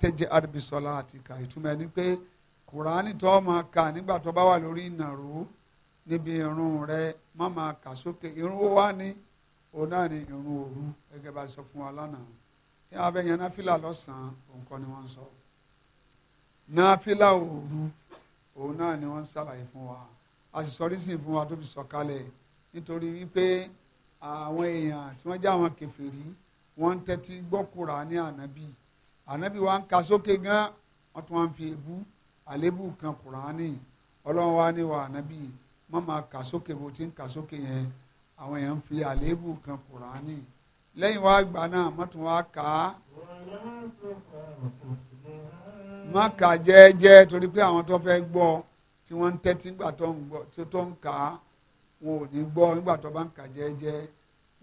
tẹ́jẹ́ àdìbísọ́lá àti kà ìtumọ̀ ẹni pé kùránì tó máa kà nígbà tó bá wà lórí ìnàró níbi irun rẹ má máa kà sókè irun wá òun náà irun òru gẹ́gẹ́ bá sọ fún wa lánàá náfìlà lọ́sàn-án ni wọ́n sọ ni wọ́n ṣàlàyé fún wa a sì sọrí sí fún wa tó fi sọ kalẹ̀ ànábì wa ń ka sókè gan wọ́n tún wá ń fi èbú àlébù kan kùránì ọlọ́run wa ní wa ànábì má máa kà sókè bó ti ń kà sókè yẹn àwọn èèyàn ń fi àlébù kan kùránì lẹ́yìn wá gbà náà má tún wá kà á má kà jẹ́ẹ́jẹ́ torí pé àwọn tó fẹ́ gbọ́ tí wọ́n ń tẹ́tí nígbà tó ń gbọ́ tí tó ń kà wọn ò ní gbọ́ nígbà tó bá ń kà jẹ́ẹ́jẹ́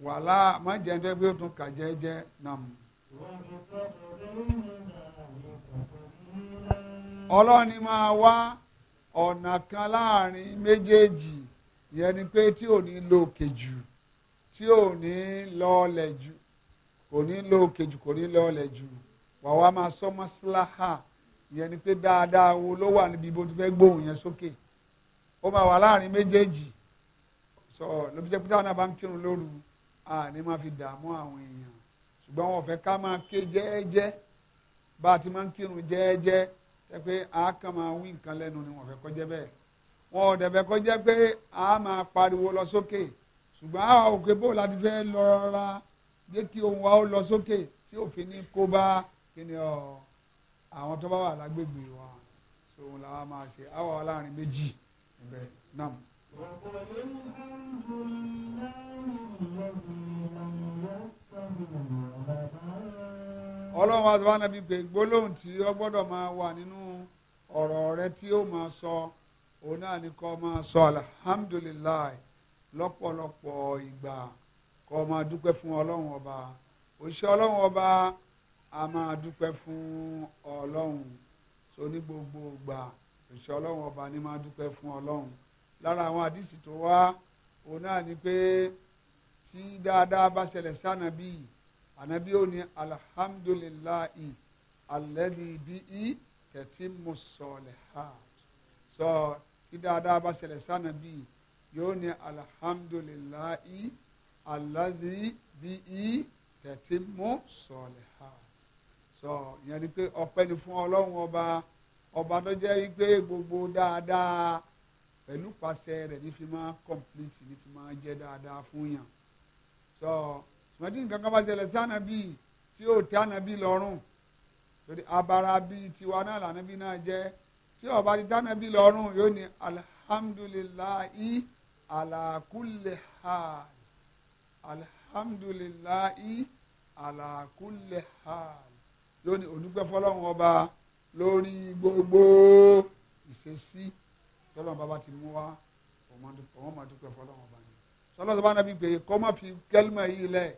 wàhálà má jẹ́ tó yẹ pé ó tún kà jẹ́ẹ́jẹ́ nàm. ọlọ́run ni máa wá ọ̀nà kan láàrin méjèèjì yẹn ni pé tí ò ní lọ òkè jù tí ò ní lọ ọlẹ̀ jù kò ní lọ òkè jù kò ní lọ ọlẹ̀ jù wà wá máa sọ mọ́síláhà yẹn ni pé dáadáa wo ló wà níbi bó ti fẹ́ gbóhùn yẹn sókè ó máa wà láàrin méjèèjì sọ ló jẹ́ pé táwọn náà bá ń kírun lóru àní máa fi dààmú àwọn èèyàn ṣùgbọ́n wọn ò fẹ́ ká máa ké jẹ́ẹ́jẹ́ bá a ti máa ń kírun jẹ́ẹ́jẹ́ ẹ pé a kàn máa wí nǹkan lẹ́nu ni wọ́n fẹ́ kọjá bẹ́ẹ̀ wọn ò dẹ̀fẹ́ kọjá pé a máa pariwo lọ sókè ṣùgbọ́n a ò pé bó láti fẹ́ lọ́ra jẹ́ kí ohùn wa ó lọ sókè tí òfin ní kó bá kíni ọ àwọn tó bá wà lágbègbè wa so òun làwa máa ṣe àwa wà láàrin méjì ibẹ̀ náà. ọlọ́run wa sọ wá nàbí pé gbólóhùn tí ó gbọ́dọ̀ máa wà nínú ọ̀rọ̀ rẹ tí ó máa sọ òun náà ni kó máa sọ alhamdulilayi lọ́pọ̀lọpọ̀ ìgbà kó máa dúpẹ́ fún ọlọ́run ọba òṣìṣẹ́ ọlọ́run ọba a máa dúpẹ́ fún ọlọ́run so ní gbogbo ìgbà òṣìṣẹ́ ọlọ́run ọba ni máa dúpẹ́ fún ọlọ́run lára àwọn àdìsí tó wá òun náà ni pé tí dáadáa bá ṣẹlẹ̀ sànàbí ànàbí ò ní alhamdulilayi alladhi bíi tẹ̀tí mo sọ̀lẹ̀ ha sọ tí dáadáa bá ṣẹlẹ̀ sànà bíi yóò ní alihamudulilayi aladi bíi tẹ̀tí mo sọ̀lẹ̀ ha sọ ìyẹn ni pé ọpẹ́ ni fún ọlọ́run ọba ọba tó jẹ́ wípé gbogbo dáadáa pẹ̀lú pàṣẹ rẹ̀ ní fi máa complete ní fi máa jẹ́ dáadáa fún yàn sọ tìmọ̀tì nǹkan kan bá ṣẹlẹ̀ sànà bíi tí yóò tẹ́ ànàbí lọ́rùn torí abara bíi tiwa náà lànàbí náà jẹ́ tí ọba ti dánàbí lọ́rùn yóò ní alihamdulilayi alakulehal alihamdulilayi alakulehal yóò ní olùgbẹ́ fọlọ́run ọba lórí gbogbo ìṣesí tọ́lọ́run bàbá ti mú wa ọmọ máa dúpẹ́ fọlọ́run ọba ni sọlọ́sọ bá nàbí gbé kọ́ máa fi kẹ́lìmọ̀ yìí lẹ̀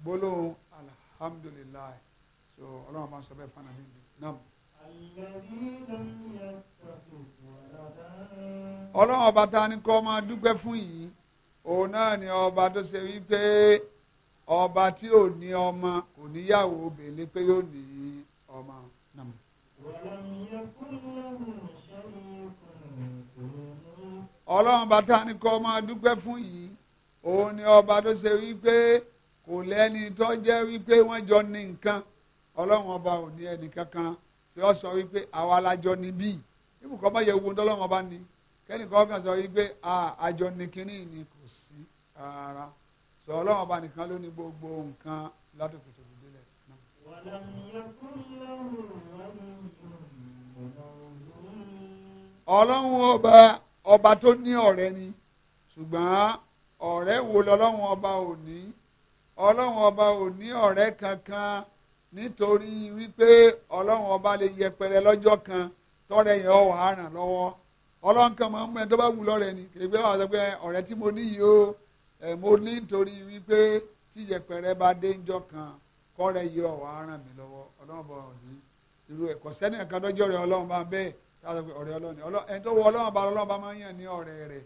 gbólóhùn alihamdulilayi. ọlọ́run ọba ta a kọ́ máa dúpẹ́ fún yìí òun náà ni ọba tó ṣe wípé ọba tí ò ní ọmọ kò níyàwó pé yóò ní ọmọ náà. ọlọ́run ọba kọ́ máa dúpẹ́ fún yìí òun ni ọba tó ṣe wípé kò lẹ́ni tó wípé wọ́n jọ ní nǹkan. ọlọ́run ọba ò ní ẹnì kankan tí wọ́n sọ wípé àwa alájọ ni bí ibùkọ́ bá yẹ wo ní ọlọ́run ọba ni kẹ́nìkan kan sọ wípé àjọ ni kínní ni kò sí rárá sọ ọlọ́run ọba nìkan ló ní gbogbo nǹkan látòkè tó dé lẹ̀. ọlọ́run ọba ọba tó ní ọ̀rẹ́ ni ṣùgbọ́n ọ̀rẹ́ wo lọ́lọ́run ọba ò ní ọlọ́run ọba ò ní ọ̀rẹ́ kankan nítorí wípé ọlọ́run ọba lè yẹpẹrẹ lọ́jọ́ kan tọ́rẹ yẹn ọ̀ wàá ràn lọ́wọ́ ọlọ́run kan máa ń mú ẹ tó bá wù lọ́rẹ̀ ni kì í pé wàá sọ pé ọ̀rẹ́ tí mo ní yìí o ẹ̀ mo ní nítorí wípé tí yẹpẹrẹ bá dé ńjọ́ kan kọ́rẹ́ yìí ọ̀ wàá ràn mí lọ́wọ́ ọlọ́run bọ̀ ní irú ẹ̀ kò sẹ́ni ẹ̀ka lọ́jọ́ rẹ̀ ọlọ́run bá bẹ́ẹ̀ tá a sọ pé ọ̀rẹ́ ọlọ́run ẹni tó wọ ọlọ́run bá ọlọ́run bá máa ń yàn ní ọ̀rẹ́ rẹ̀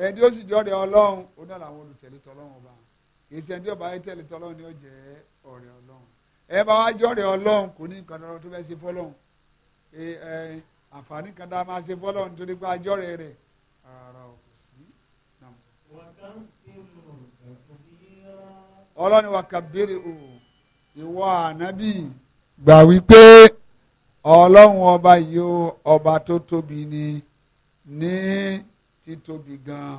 ẹni tí ó sì jọrẹ ọlọ́run ó náà làwọn olùtẹ̀lé tọlọ́run ọba kì í ṣe tí ọba ayé tẹ̀lé tọlọ́run ni ó jẹ́ ọ̀rẹ́ ọlọ́run ẹ bá wá jọ̀rẹ̀ ọlọ́run kò ní nǹkan lọ́rọ̀ tó fẹ́ ṣe fọlọ́run ẹ ẹ àǹfààní kan dáa máa ṣe fọlọ́run torí pé ajọ́rẹ̀ rẹ̀ rárá ọlọ́ni wa kàbírì o ìwọ ànábì gbà wípé ọlọ́run ọba yìí ó ọba tó tóbi ni ní títóbi gan-an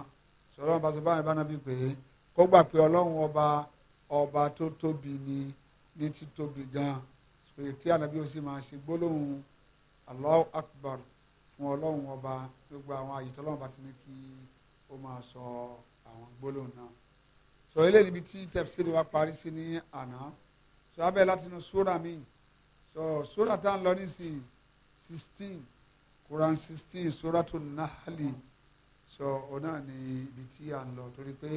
sọlọ́run bá sọ báyìí bá náà bí pé kó gbà pé ọlọ́run ọba ọba tó tóbi ni ní títóbi gan sòye kí ànábì ó sì máa ṣe gbólóhùn Allahu Akbar fún ọlọ́run ọba gbogbo àwọn àyè tọ́lọ́run bá ti ní kí ó máa sọ àwọn gbólóhùn náà sọ eléyìí níbi tí tafsiri wa parí sí ní àná sọ abẹ́ láti inú sóra mi sọ sóra tá à ń lọ nísìnyí sixteen Quran sixteen sóra tó náhálì sọ ọ náà ní ibi tí à ń lọ torí pé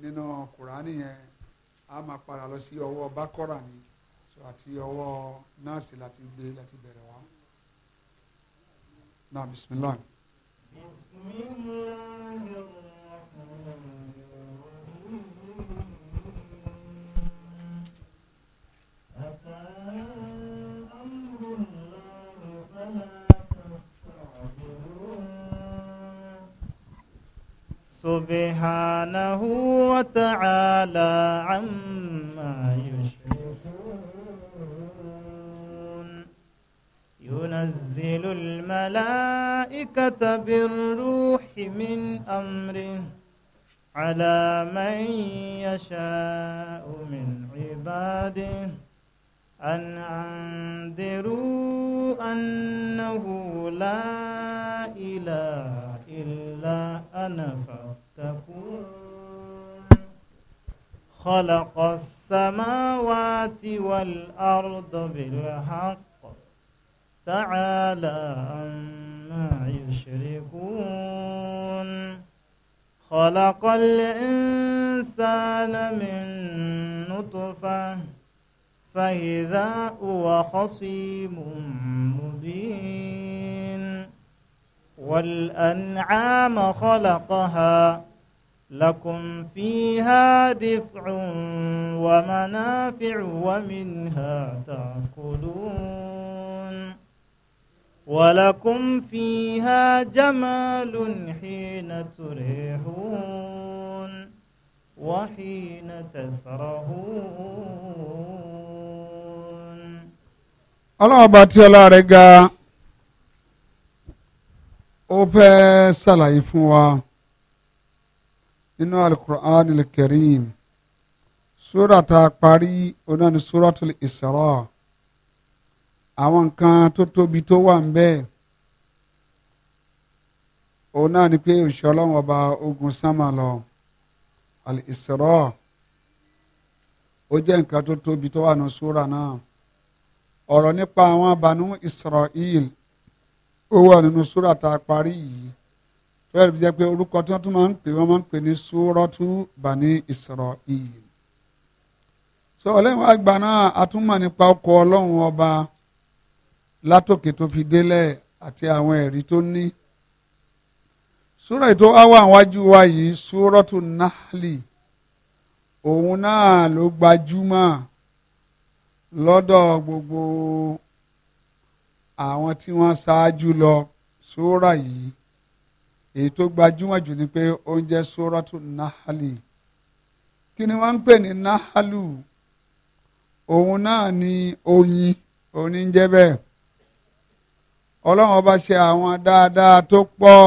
nínú Kùránì yẹn a máa padà lọ sí ọwọ́ bákọ́rà ni so àti ọwọ́ nọ́ọ̀sì láti gbé láti bẹ̀rẹ̀ wá. náà bisimilahi. bisimilahi. سبحانه وتعالى عما يشركون ينزل الملائكة بالروح من أمره على من يشاء من عباده أن أنذروا أنه لا إله إلا أنا فاتقون خلق السماوات والأرض بالحق تعالى عما يشركون خلق الإنسان من نطفة فإذا هو خصيم مبين والأنعام خلقها لكم فيها دفع ومنافع ومنها تأكلون ولكم فيها جمال حين تريحون وحين تسرحون الله أباتي الله ó fẹ́ ṣàlàyé fún wa nínú alukur'an al-karim sura ta parí oná ní suratul Isra àwọn nǹkan tó tóbi tó wà ń bẹ́ẹ̀ òun pé òṣìṣẹ́ ọlọ́run ogun sámà lọ al-Isra ó jẹ́ nǹkan tó tóbi tó wà ní sura náà ọ̀rọ̀ nípa àwọn Banu Israel ó wà nínú súrà tá a parí yìí fẹ́rẹ̀ bí jẹ́ pé orúkọ tí wọ́n tún máa ń pè wọ́n máa ń pè ní súrọ́tù bani Isra'il so ọlẹ́wọ̀n àgbà náà atúmọ̀ nípa ọkọ̀ ọlọ́run ọba látòkè tó fi délẹ̀ àti àwọn ẹ̀rí tó ní súrà ètò àwa àwájú wa yìí súrọ́tù Nahli òun náà ló gbajúmọ̀ lọ́dọ̀ gbogbo àwọn tí wọ́n ṣáájú lọ sóra yìí èyí tó gbajúmọ̀ jù ni pé ó ń jẹ́ nahali kí ni wọ́n ń pè ní nahalu òun náà ni oyin òní ń jẹ́ bẹ́ẹ̀ ọba ṣe àwọn dáadáa tó pọ̀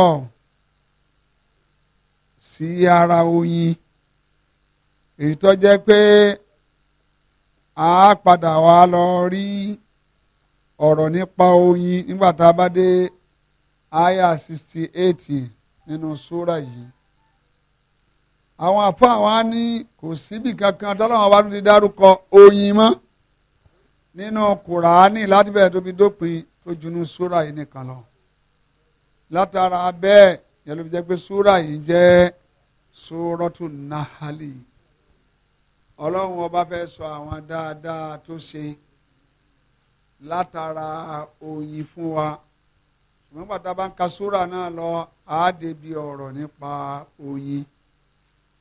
sí ara oyin èyí tó jẹ́ pé a padà wá lọ rí ọ̀rọ̀ nípa oyin nígbà tá a bá dé aya sixty eight nínú súra yìí àwọn àpá wa ní kò síbi kankan tọ́lọ́wọ́n bá tún ti dárúkọ oyin mọ́ nínú kùránì láti bẹ̀rẹ̀ tóbi dópin tó junú sora yìí nìkan lọ látara bẹ́ẹ̀ yẹn ló fi jẹ́ pé súra yìí jẹ́ súrọ́tù nahali ọlọ́run ọba fẹ́ sọ àwọn dáadáa tó ṣe. So látara oyin fún wa ṣùgbọ́n bàtà bá ń ka sóra náà lọ àádébi ọ̀rọ̀ nípa oyin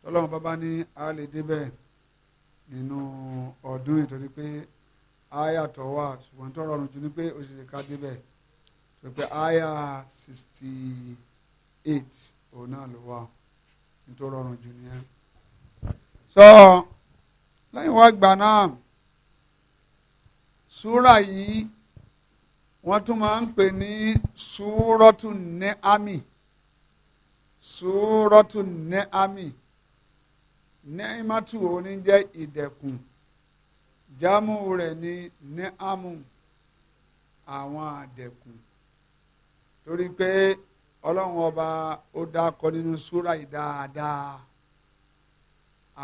tọ́lọ́mù bàbá ní a lè débẹ̀ nínú ọdún ìtọ́jú pé aya tó wà ṣùgbọ́n tó rọrùn jù ní pé ó sì ṣe ká débẹ̀ tó pé aya sixty eight òun náà ló wà nítorí ọrùn jù nìyẹn. sọ lẹ́yìn wá gbà náà súrà yìí wọ́n tún máa ń pè ní súrọ́tù ní àmì súrọ́tù ní àmì nẹ́ẹ̀mátù òní jẹ́ ìdẹ̀kùn jámù rẹ̀ ní nẹ́ẹ̀mù àwọn àdẹ̀kùn torí pé ọlọ́run ọba ó dákọ nínú súrà yìí dáadáa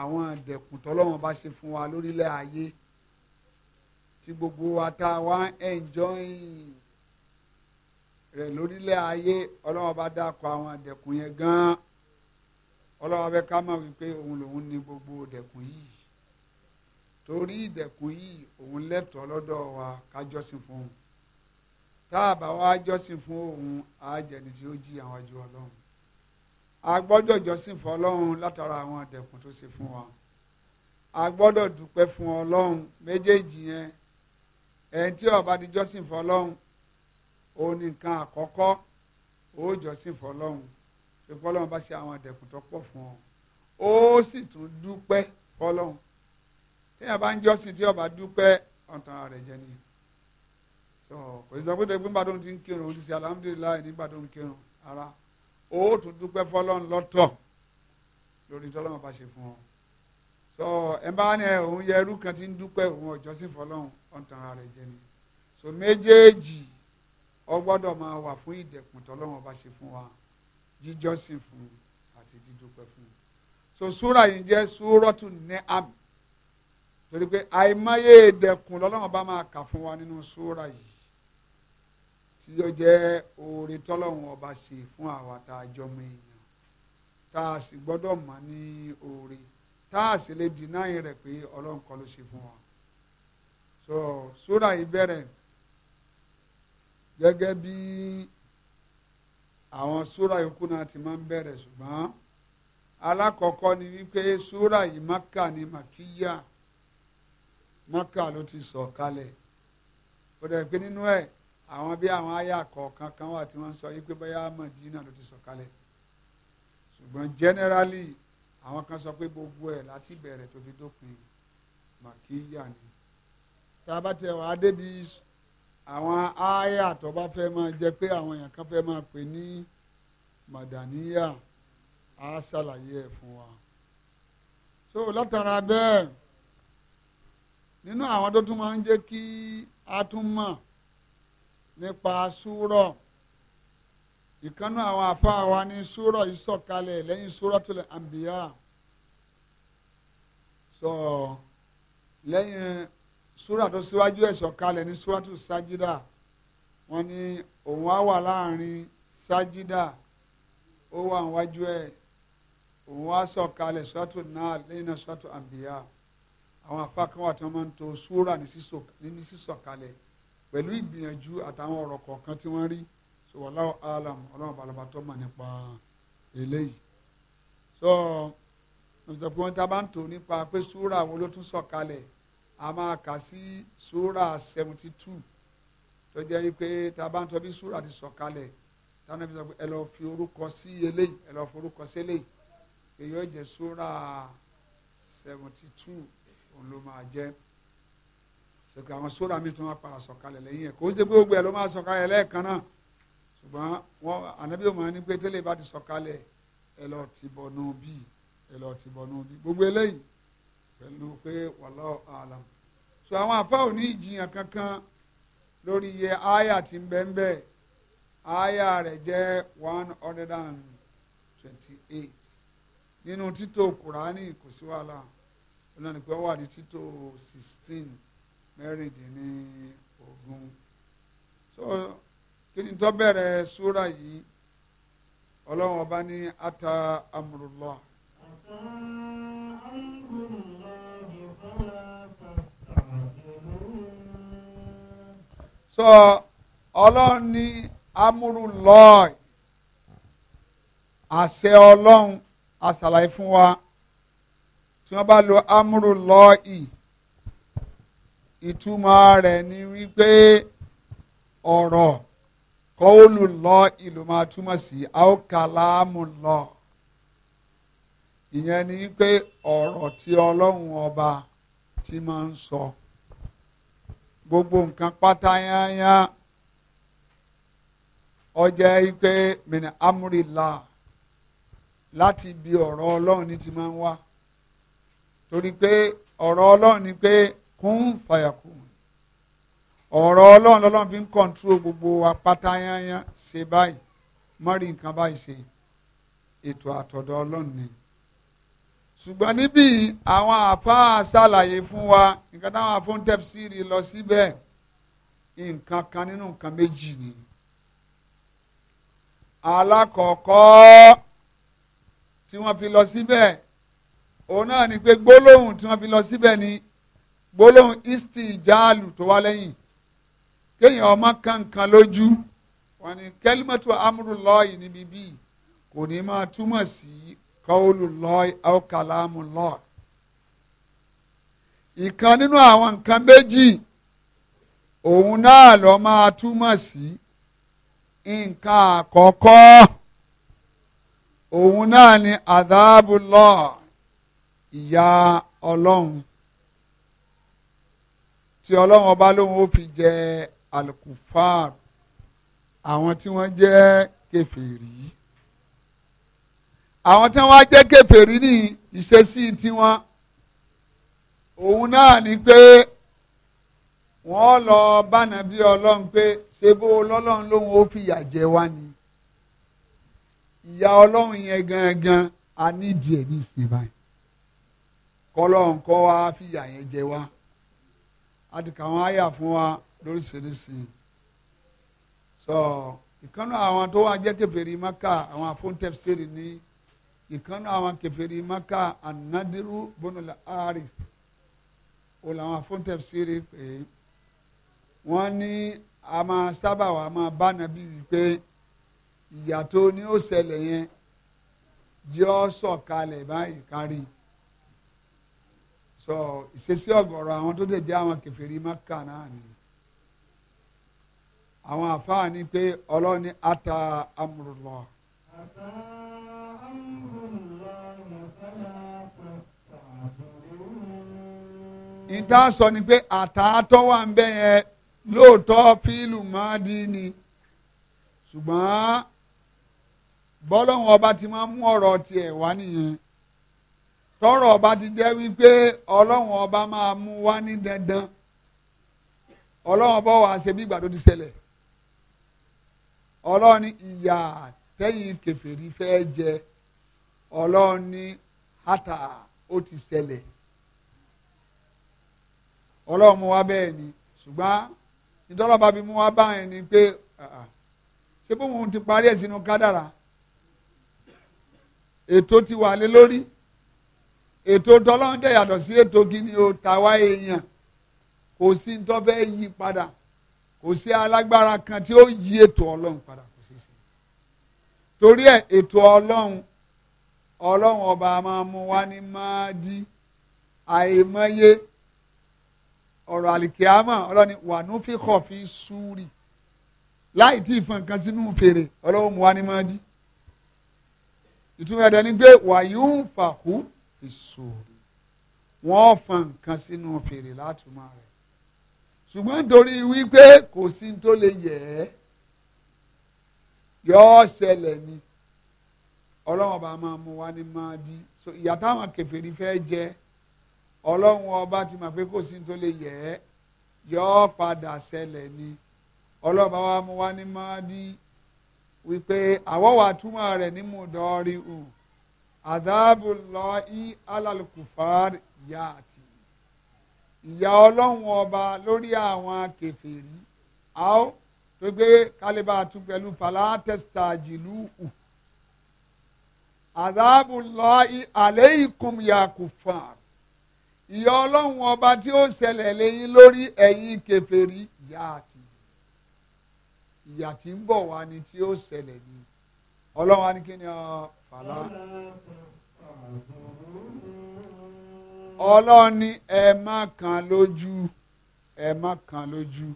àwọn àdẹ̀kùn tọ́lọ́run ọba ṣe fún wa lórílẹ̀ ayé tí gbogbo wa tá a wá enjoying rẹ̀ lórílẹ̀ ayé ọlọ́wọ́n bá dàkọ̀ àwọn àdẹ̀kùn yẹn gan-an ọlọ́wọ́n bẹ ká mọ̀ wípé òun lòun ní gbogbo ìdẹ̀kùn yìí torí ìdẹ̀kùn yìí òun lẹ́tọ̀ọ́ lọ́dọ̀ wa ká jọ́sìn fún òun tá a bá wá jọ́sìn fún òun á jẹni tí ó jí àwọn ju ọlọ́run a gbọ́dọ̀ jọ́sìn fún ọlọ́run látara àwọn ìdẹ̀kùn tó ṣe fún wa a gbọ́dọ̀ dúpẹ́ fún ọlọ́run méjèèjì yẹn ẹni tí ó bá ti jọ́sìn fọlọ́hún òun ni nǹkan àkọ́kọ́ ó jọ́sìn fọlọ́hún pé fọlọ́hún bá ṣe àwọn àdẹ̀kùn tó pọ̀ fún ọ ó sì tún dúpẹ́ fọlọ́hún téèyàn bá ń jọ́sìn tí ó bá dúpẹ́ ọ̀tàn rẹ̀ jẹ nìyẹn tó kò sí sọ pé dẹ́gbẹ́ nígbà tó ń ti ń kírun ó ti ṣe alhamdulilayi nígbà tó ń kírun ara ó tún dúpẹ́ fọlọ́hún lọ́tọ̀ lórí tọ́lọ́mọ bá ṣe fún ọ tó ẹ bá ní òun yẹ ẹrú kan ti ń dúpẹ́ òun ọ̀jọ́sìn fọlọ́hún ọ̀ntàn ààrẹ jẹ ni so méjèèjì ọ gbọ́dọ̀ máa wà fún ìdẹ̀kùn tọ́lọ́wọ́n bá ṣe fún wa jíjọ́sìn fún àti dídúpẹ́ fún so súra yìí jẹ́ súrọ́tù ní àmì torí pé àìmọye ìdẹ̀kùn lọ́lọ́wọ́n bá máa kà fún wa nínú súra yìí tí ó jẹ́ oore tọ́lọ́wọ́n ọba ṣe fún àwa tá a jọ mọ èèyàn tá a sì gbọ́dọ̀ mọ̀ ní oore tá a sì lè dìnnáyìn rẹ̀ pé ọlọ́run ló ṣe fún wa so sóra yìí bẹ̀rẹ̀ gẹ́gẹ́ bí àwọn sóra yòókù náà ti máa ń bẹ̀rẹ̀ ṣùgbọ́n alákọ̀ọ́kọ́ ni wípé sóra yìí maka ni makiya maka ló ti sọ̀ kalẹ̀ ó dẹ̀ pé nínú ẹ̀ àwọn bí àwọn àyà kọ̀ọ̀kan kan wà tí wọ́n sọ yìí pé bóyá Madina ló ti sọ̀ kalẹ̀ ṣùgbọ́n generally àwọn kan sọ pé gbogbo ẹ̀ láti bẹ̀rẹ̀ tó fi dópin makiya ni tá a bá tiẹ̀ wá débi àwọn ááyà tó bá fẹ́ máa jẹ pé àwọn èèyàn kan fẹ́ máa pè ní màdàníyà á ṣàlàyé ẹ̀ fún wa. so látara bẹ́ẹ̀ nínú àwọn tó tún máa ń jẹ́ kí a tún mọ̀ nípa súrọ̀ ìkànnú àwọn àfa wa ní súrọ̀ yìí sọ̀kalẹ̀ lẹ́yìn Suratul Anbiya sọ lẹ́yìn súrà tó síwájú ẹ̀ sọ̀kalẹ̀ ní súràtù sájídà wọ́n ní òun á wà láàrin sájídà ó wà níwájú ẹ̀ òun á sọ̀kalẹ̀ súràtù náà lẹ́yìn náà súràtù àǹbíyá àwọn apá kan wà tí wọ́n máa ń to súrà ní sísọ̀kalẹ̀ pẹ̀lú ìgbìyànjú àtàwọn ọ̀rọ̀ kọ̀ọ̀kan tí wọ́n rí so wallahu alam ọlọ́run balaba tó mọ̀ nípa eléyìí so ọ̀sẹ̀ pé wọ́n ta bá ń tò nípa pé súrà wo ló tún sọ̀kalẹ̀ a máa kà sí súrà seventy two tó jẹ́ pé tá a bá ń tọ́ bí súrà ti sọ̀kalẹ̀ táwọn ẹbí sọ pé ẹ lọ́ọ́ fi orúkọ sí eléyìí ẹ lọ́ọ́ fi orúkọ sí eléyìí pé yóò jẹ́ súrà seventy two òun ló máa jẹ́ sọ̀kẹ́ àwọn súrà mi tún wá padà sọ̀kalẹ̀ lẹ́yìn ẹ̀ kò ó ṣe pé gbogbo ẹ̀ ló máa sọ̀kalẹ̀ lẹ́ẹ̀kan náà ṣùgbọ́n wọn ànábì ò máa ní pé tẹ́lẹ̀ bá ti sọ̀kalẹ̀ ẹ lọ́ọ́ ti bọ̀nù bíi ẹ lọ́ọ́ ti bọ̀nù bíi gbogbo eléyìí pẹ̀lú pé wallahu alam so àwọn àfa ò ní ìjiyàn kankan lórí iye aya tí ń bẹ́ẹ̀ bẹ́ẹ̀ aya rẹ̀ jẹ́ one hundred and twenty-eight nínú títò kùránì kò sí wàhálà olórí pé wà ní títò sixteen mẹ́rìndínlógún so kí ni tó bẹ̀rẹ̀ súra yìí ọlọ́run ọba ní ata amúrúlọ́. so ọlọ́run ní amúrú lọ́ọ̀ì àṣẹ ọlọ́run àṣàlàyé fún wa tí wọ́n bá lo amúrú lọ́ọ̀ì ìtumọ̀ rẹ̀ ni wípé ọ̀rọ̀ kọ́ọ̀lù lọ ìlú máa túmọ̀ sí àókàlámù ìyẹn ni wípé ọ̀rọ̀ tí ọlọ́run ọba ti máa ń sọ. So gbogbo nǹkan pátá ya ọjà ipe mìnà amúrìlá láti bi ọ̀rọ̀ ọlọ́run ní ti máa ń wá torí pé ọ̀rọ̀ ọlọrun ni pé kún fàyàkùn ọ̀rọ̀ ọlọrun lọ́lọ́run fi ń kọ̀ǹtúrò gbogbo ya ya ṣe báyìí mọ́rí nǹkan báyìí ṣe ètò àtọ̀dọ̀ ọlọrun ni. ṣùgbọ́n níbí àwọn àfáà ṣàlàyé fún wa nǹkan táwọn afọ́n tẹ̀síìrì lọ síbẹ̀ nǹkan kan nínú nǹkan méjì ni. alákọ̀ọ́kọ́ tí wọ́n fi lọ síbẹ̀ òun náà ni pé gbólóhùn tí wọ́n fi lọ síbẹ̀ ni gbólóhùn isti ìjáàlù tó wá lẹ́yìn kéèyàn ọmọ kankan lójú wọn ni kẹlímọ́tò amúrúlọ́ọ̀yì níbi bíi kò ní máa túmọ̀ sí qaulullahi aw kalamullah ìkan nínú àwọn nǹkan méjì òun náà lọ máa túmọ̀ sí nǹkan àkọ́kọ́ òun náà ni adhabullah ìyá ọlọ́run tí ọlọ́run ọba lóun ó fi jẹ alukufar àwọn tí wọ́n jẹ́ kèfèrí àwọn tí wọ́n á jẹ́ ní ìṣesí tiwọn òun náà ni pé wọ́n lọ bánà bí ọlọ́run pé ṣé bó lọ́lọ́run lòun ó fìyà jẹ wá ni ìyá ọlọ́run yẹn gangan a nídìí ẹ̀ ní ìsìn báyìí kọ́lọ́run kọ́ wa fìyà yẹn jẹ wá a ti kà wọ́n àyà fún wa lóríṣiríṣi sọ ìkànnì àwọn tó wà jẹ́ kèfèrí Mákà àwọn afọ́ntẹ́fẹ́sẹ̀rì ní ìkànnì àwọn kẹfẹ́rì maka anadiru bonola aris ó làwọn afọ́ntẹ́fsiri pé wọ́n ní a máa sábà wà máa bá nàbí wípé ìyàtọ̀ ni ó ṣẹlẹ̀ yẹn jẹ́ ọ́ báyìí kárí sọ ìṣesí ọ̀gọ̀rọ̀ àwọn tó tẹ̀ àwọn kẹfẹ́rì maka náà ni àwọn àfáà ní pé ọlọ́ni ata amúrúlọ. níta sọ ni pé àtàtọ́ wà ń bẹ̀ yẹn lóòótọ́ fíìlù máa dí ni ṣùgbọ́n bọ́lọ́hún ọba ti máa mú ọ̀rọ̀ tiẹ̀ wá nìyẹn tọ́rọ̀ ọba ti jẹ́ wípé ọlọ́hún ọba máa mú wá ní dandan ọlọ́hún ọba wà ṣe bí ìgbà ti ṣẹlẹ̀ ọlọ́hún ní ìyà tẹ́yìn kèfèrí fẹ́ jẹ ọlọ́hún ní hàtà ó ti ṣẹlẹ̀ ọlọ́run mú wa bẹ́ẹ̀ ni ṣùgbọ́n nítorí ọba bí mú wa bá yẹn ni pé ṣé bó wọn ti parí ẹ̀ sínú kádàrà ètò ti wà lé lórí ètò tọ́lọ́run jẹ́ yàtọ̀ sí ètò gíní o tàwa èèyàn kò sí tó fẹ́ yí padà kò sí alágbára kan tí ó yí ètò ọlọ́run padà kò sí sí torí ẹ̀ ètò ọlọ́run ọlọ́run ọba máa mú wa ní máa di àìmọye ọ̀rọ̀ àlìkíámà ọlọ́ni wàánú fi kọ̀ fi súrì láì tí ì fọn nǹkan sínú fèrè ọlọ́wọ́ mu wá ní máa dí ìtumọ̀ ẹ̀dẹ̀ ni pé wàyún fàkú fi súrì wọ́n fọn nǹkan sínú fèrè látùmọ̀ rẹ̀ ṣùgbọ́n nítorí wípé kò sí tó lè yẹ̀ ẹ́ yọ ṣẹlẹ̀ ni ọlọ́wọ́ bá máa mu wá ní máa dí ìyá táwọn kèfèrí fẹ́ jẹ́ ọlọ́run ọba ti mọ̀ pé kò sí tó lè yẹ ẹ́ yọ ọ́ padà ṣẹlẹ̀ ni ọlọ́ba wa mú wa ní mọ́ọ́dí wípé àwọ̀wà túmọ̀ rẹ̀ ní mùdọ́rí hù àdáàbò lọ í alálùkùfàr yá àti ìyá ọlọ́run ọba lórí àwọn kèfèrí àó tó gbé kálíbà tún pẹ̀lú pàlátẹ́sítà jìlú hù àdáàbò lọ í àlẹ́ ìkùn yà kùfàr ìyà ọlọ́run ọba tí ó ṣẹlẹ̀ lẹ́yìn lórí ẹ̀yin kèfèrí ìyà àti ìyà tí ń bọ̀ wá ni tí ó ṣẹlẹ̀ ni ọlọ́run á ní kí ni ọ fàlà. ọlọ́run ní ẹ má kan lójú ẹ má kan lójú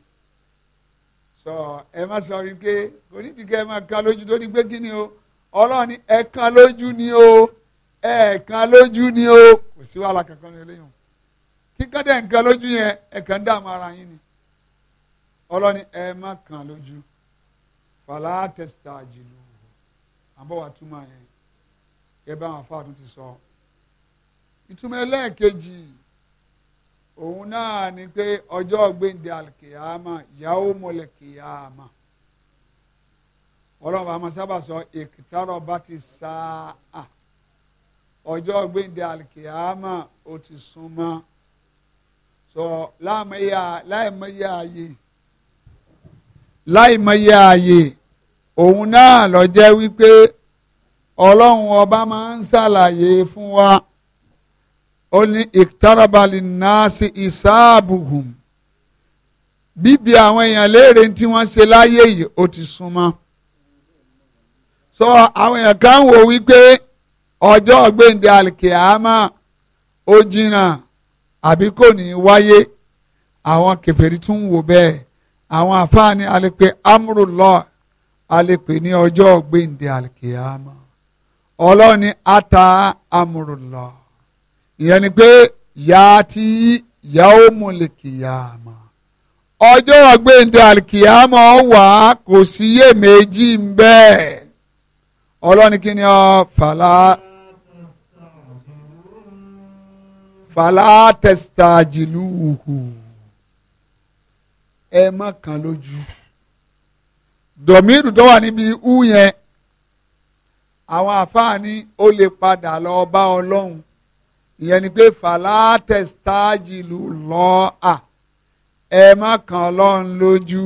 sọ ẹ má sọ wípé kò ẹ má kan lójú tó ní pé kí ni o ọlọ́run ní ẹ kan lójú ni o ẹ kan lójú ni o kò sí wàhálà kankan ní eléyìí. kíkọ́ dẹ̀ nǹkan lójú yẹn ẹ̀kan dààmú ara yín ni ọlọ́ni ẹ má kàn lójú fàlà tẹ̀sítà jìlù àbọ̀wá túmọ̀ yẹn ẹ bá wọn fáwọn ti sọ. ìtumọ̀ ẹlẹ́ẹ̀kejì òun náà ni pé ọjọ́ àlùkìyàmà yàwó kìyàmà ọlọ́run sábà sọ bá ti sáà ọjọ́ àlùkìyàmà ó ti sọ láìmọye ààyè láìmọye ààyè òun náà lọ jẹ́ wípé ọlọ́run ọba máa ń ṣàlàyé fún wa ó ní ìtàràbàlì náà sí ìsáàbùhùn bíbi àwọn èèyàn léèrè tí wọ́n ṣe láyé yìí ó ti súnmọ́ sọ àwọn èèyàn kan wò wípé ọjọ́ ọ̀gbẹ́ǹde àlìkè àmà ó jìnnà àbí kò ní í wáyé àwọn kèfèrí tún wò bẹ́ẹ̀ àwọn àfáàní alẹ́pẹ́ amúrùlọ́ alẹ́pẹ́ ní ọjọ́ gbẹ̀ǹdẹ̀ àlìkìyàmá ọlọ́run ni ata amúrùlọ́ ìyẹn ni pé yàá ti yàó mọ̀lẹ́kìyàmá ọjọ́ gbẹ̀ǹdẹ̀ àlìkìyàmá wà kò síyè méjì ń bẹ́ẹ̀ ọlọ́run kí ni ọ fàlà. fàlà tẹ̀sítà jìlú hù ẹ má kàn lójú dọ̀míìrù tó wà níbi hù yẹn àwọn àfáàní ó lè padà lọ bá ọlọ́run ìyẹn ni pé fàlà tẹ̀sítà jìlú à ẹ má kàn ọlọ́run lójú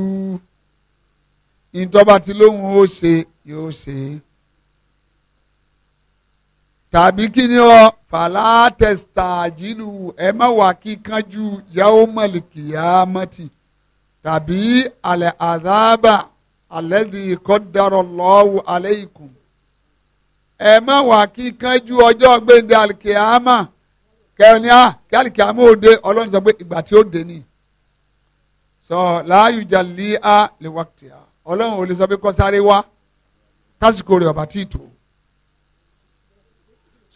ìtọ́ba tí lóhùn ó ṣe yóò ṣe é tàbí kí ni ọ fàlà tẹsítà jìlù ẹ má wà kíkanjú yàwó mọlìkìyà mọtì tàbí alẹ àdábà alẹdì kọdàrọ lọwọ aleikum ẹ má wà kíkanjú ọjọ́ gbẹndẹ alikiyama kẹrin a ah, kí alikiyama ó dé Ọlọ́run sọ pé ìgbà tí ó dé ni sọ láàyò jalè a lè wákìtì a Ọlọ́run ò lè sọ pé kọsáré wá tásìkò rẹ̀ ọ̀bà tí ì tó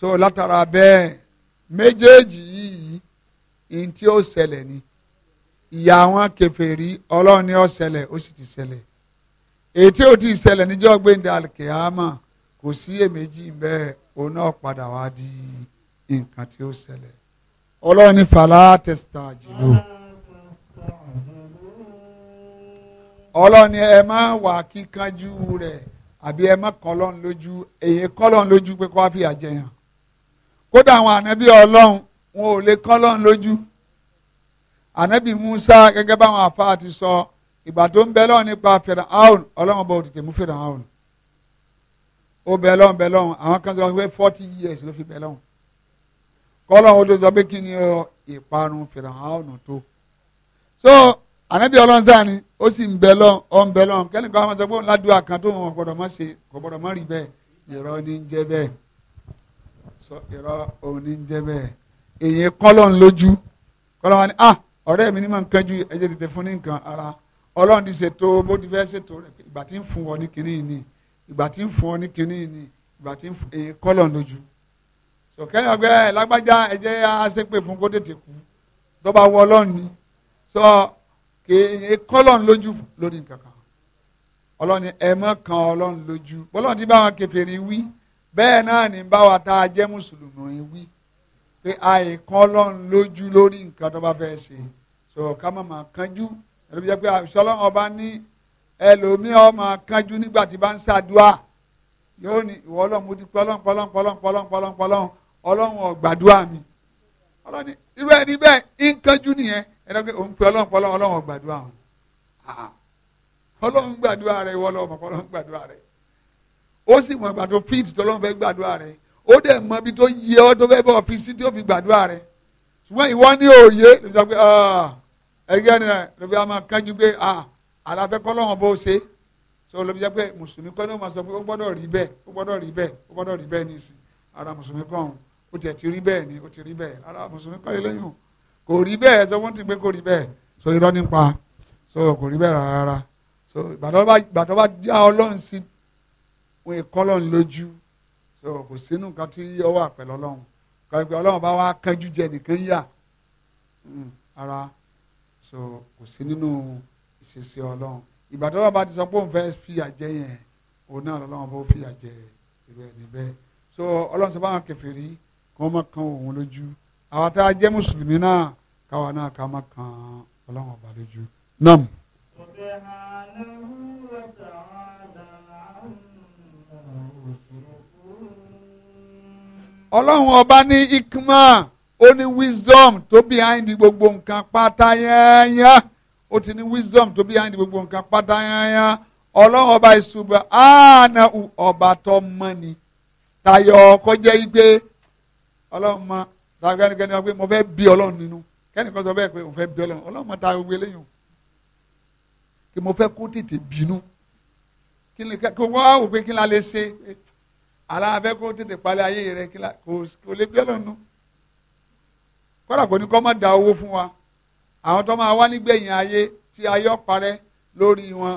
so látara bẹ́ẹ̀ méjèèjì yìí ní tí ó ṣẹlẹ̀ ni ìyà àwọn kèfèrí ọlọ́run ni ó ṣẹlẹ̀ ó sì ti ṣẹlẹ̀ èyí tí ó ti ṣẹlẹ̀ níjọ́ gbẹ̀ndẹ̀ alikiyama kò sí èméjì bẹ́ẹ̀ òun náà padà wá di nǹkan tí ó ṣẹlẹ̀ ọlọ́run ní fàlà tẹ̀sítà jùlọ ọlọ́run ni ẹ má wà kíkanjú rẹ̀ àbí ẹ má kọ́ ọlọ́run lójú èyí kọ́ ọlọ́run lójú pé kó wá fìyà jẹyàn kódà àwọn ànábì ọlọ́run wọn ò lè kán lọ́run lójú ànábì Musa gẹ́gẹ́ báwọn àfáà ti sọ ìgbà tó ń bẹ lọ́run nípa Firaun ọlọ́run bọ̀ tètè mú Firaun ó bẹ lọ́run bẹ lọ́run àwọn kan sọ pé forty years ló fi bẹ lọ́run kọ́lọ́run ó tó sọ pé kí ni ìparun Firaun tó so ànábì ọlọ́run sáà ni ó sì ń bẹ lọ́n ọ ń bẹ lọ́n kẹ́nìkan àwọn ọmọ sọ pé òun ládùúgbò àkàntó òun ọ̀gbọ́dọ̀ má ṣe kò gbọ́dọ̀ má rí bẹ́ẹ̀ ìrọ́ ni sọ irọ́ òun ní jẹ́ bẹ́ẹ̀ èyí kọ́lọ́n lójú kọ́lọ́n wa ah ọ̀rẹ́ mi ni máa ń kánjú ẹ̀jẹ̀ tètè fún ní nǹkan ara ọlọ́run ti ṣètò bó ti fẹ́ ṣètò rẹ̀ ìgbà tí ń fún ọ ní kinní ni ìgbà tí ń fún ọ ní kinní ni ìgbà tí ń fún èyí kọ́lọ́n lójú sọkẹ́ni ọgbẹ́ lágbájá ẹ̀jẹ̀ aṣépè fún kó tètè kú lọ́ba wọ ọlọ́run ni sọ èyí kọ́lọ́n lójú lórí nǹkan kan ọlọ́run ẹ̀ kan ọlọ́run lójú ọlọ́run ti bá wọn kèfèrí bẹ́ẹ̀ náà ní báwa tá a jẹ́ mùsùlùmí wí pé àìkan ọlọ́run lójú lórí nǹkan tó bá fẹ́ ṣe sọ ká má máa kánjú ẹ̀rọ bí jẹ́ pé àṣọ ọlọ́run ọba ní ẹlòmíì ó máa kánjú nígbà tí bá ń ṣàdúrà yóò ní ìwọ ọlọ́run mo ti pọ́lọ́n pọ́lọ́n pọ́lọ́n pọ́lọ́n pọ́lọ́n pọ́lọ́n ọlọ́run ò gbàdúrà mi ọlọ́run irú ẹni bẹ́ẹ̀ ń kánjú nìyẹn ẹ̀rọ pé òun pe ọlọ́run pọ́lọ́n ọlọ́run ò gbàdúrà wọn ọlọ́run gbàdúrà rẹ ìwọ ọlọ́run gbàdúrà rẹ ó sì mọ ìgbà tó fit tó lọ́n fẹ́ gbàdúrà rẹ̀ ó dẹ̀ mọ ibi tó yẹ ọ́ tó fẹ́ bọ̀ fi sí tí ó fi gbàdúrà rẹ̀ ṣùgbọ́n ìwọ ní òye ló sọ pé ah, ẹgbẹ́ ni ló fi máa kánjú pé ah, àlàfẹ́ kọ́ lọ́wọ́n bó ṣe so ló fi jẹ́ pé mùsùlùmí kan náà máa sọ pé ó gbọ́dọ̀ rí bẹ́ẹ̀ ó gbọ́dọ̀ rí bẹ́ẹ̀ ó gbọ́dọ̀ rí bẹ́ẹ̀ ní ìsìn ara mùsùlùmí kan ó tiẹ̀ ti rí bẹ́ẹ̀ ni ó ti rí bẹ́ẹ̀ ara mùsùlùmí kan lẹ́yìn kò rí bẹ́ẹ̀ sọ wọ́n ti gbé kò rí bẹ́ẹ̀ so irọ́ nípa so kò rí bẹ́ẹ̀ rárá so ìgbà tó bá já ọlọ́run sí wọn kọ́lọ̀ lójú so kò sínú nǹkan tí ó wà pẹ̀lú ọlọ́run kàwé pé ọlọ́run bá wá kánjú jẹ nìkan yà hmm, ara so kò sí nínú ìṣesí ọlọ́run ìgbà tó lọ́ba ti sọ pé òun fẹ́ fìyà jẹ yẹn òun náà lọ́lọ́run bó fìyà jẹ irú ẹ̀ níbẹ̀ so ọlọ́run sọ fáwọn kèfèrí kí wọ́n má kan òun lójú àwọn tá a jẹ́ mùsùlùmí náà káwa náà ká má kan ọlọ́run ọba lójú. nam. ọ̀bẹ̀ àná ọlọ́run ọba ní ikma ó ní wisdom tó behind gbogbo nǹkan pátá yányá ó ti ní wisdom tó behind gbogbo nǹkan pátá yányá ọlọ́run ọba ìṣubú àánà ọba tó mọ́ ni tayọ ọkọ jẹ́ igbe ọlọ́run mọ tàbí kẹ́nikẹ́ni wọn pé mo fẹ́ bí ọlọ́run nínú kẹ́nìkan sọ bẹ́ẹ̀ pé mo fẹ́ bí ọlọ́run ọlọ́run mọ ta gbogbo eléyìí o kí mo fẹ́ kó tètè bínú kí wọ́n wá wò pé kí n la lè ṣe aláàfẹ́ kó tètè palẹ̀ ayé rẹ kò lè bí ọlọ́nu kọ́dà kò ní kọ́ má da owó fún wa àwọn tó máa wá nígbẹ̀yìn ayé tí ayé ọ̀parẹ́ lórí wọn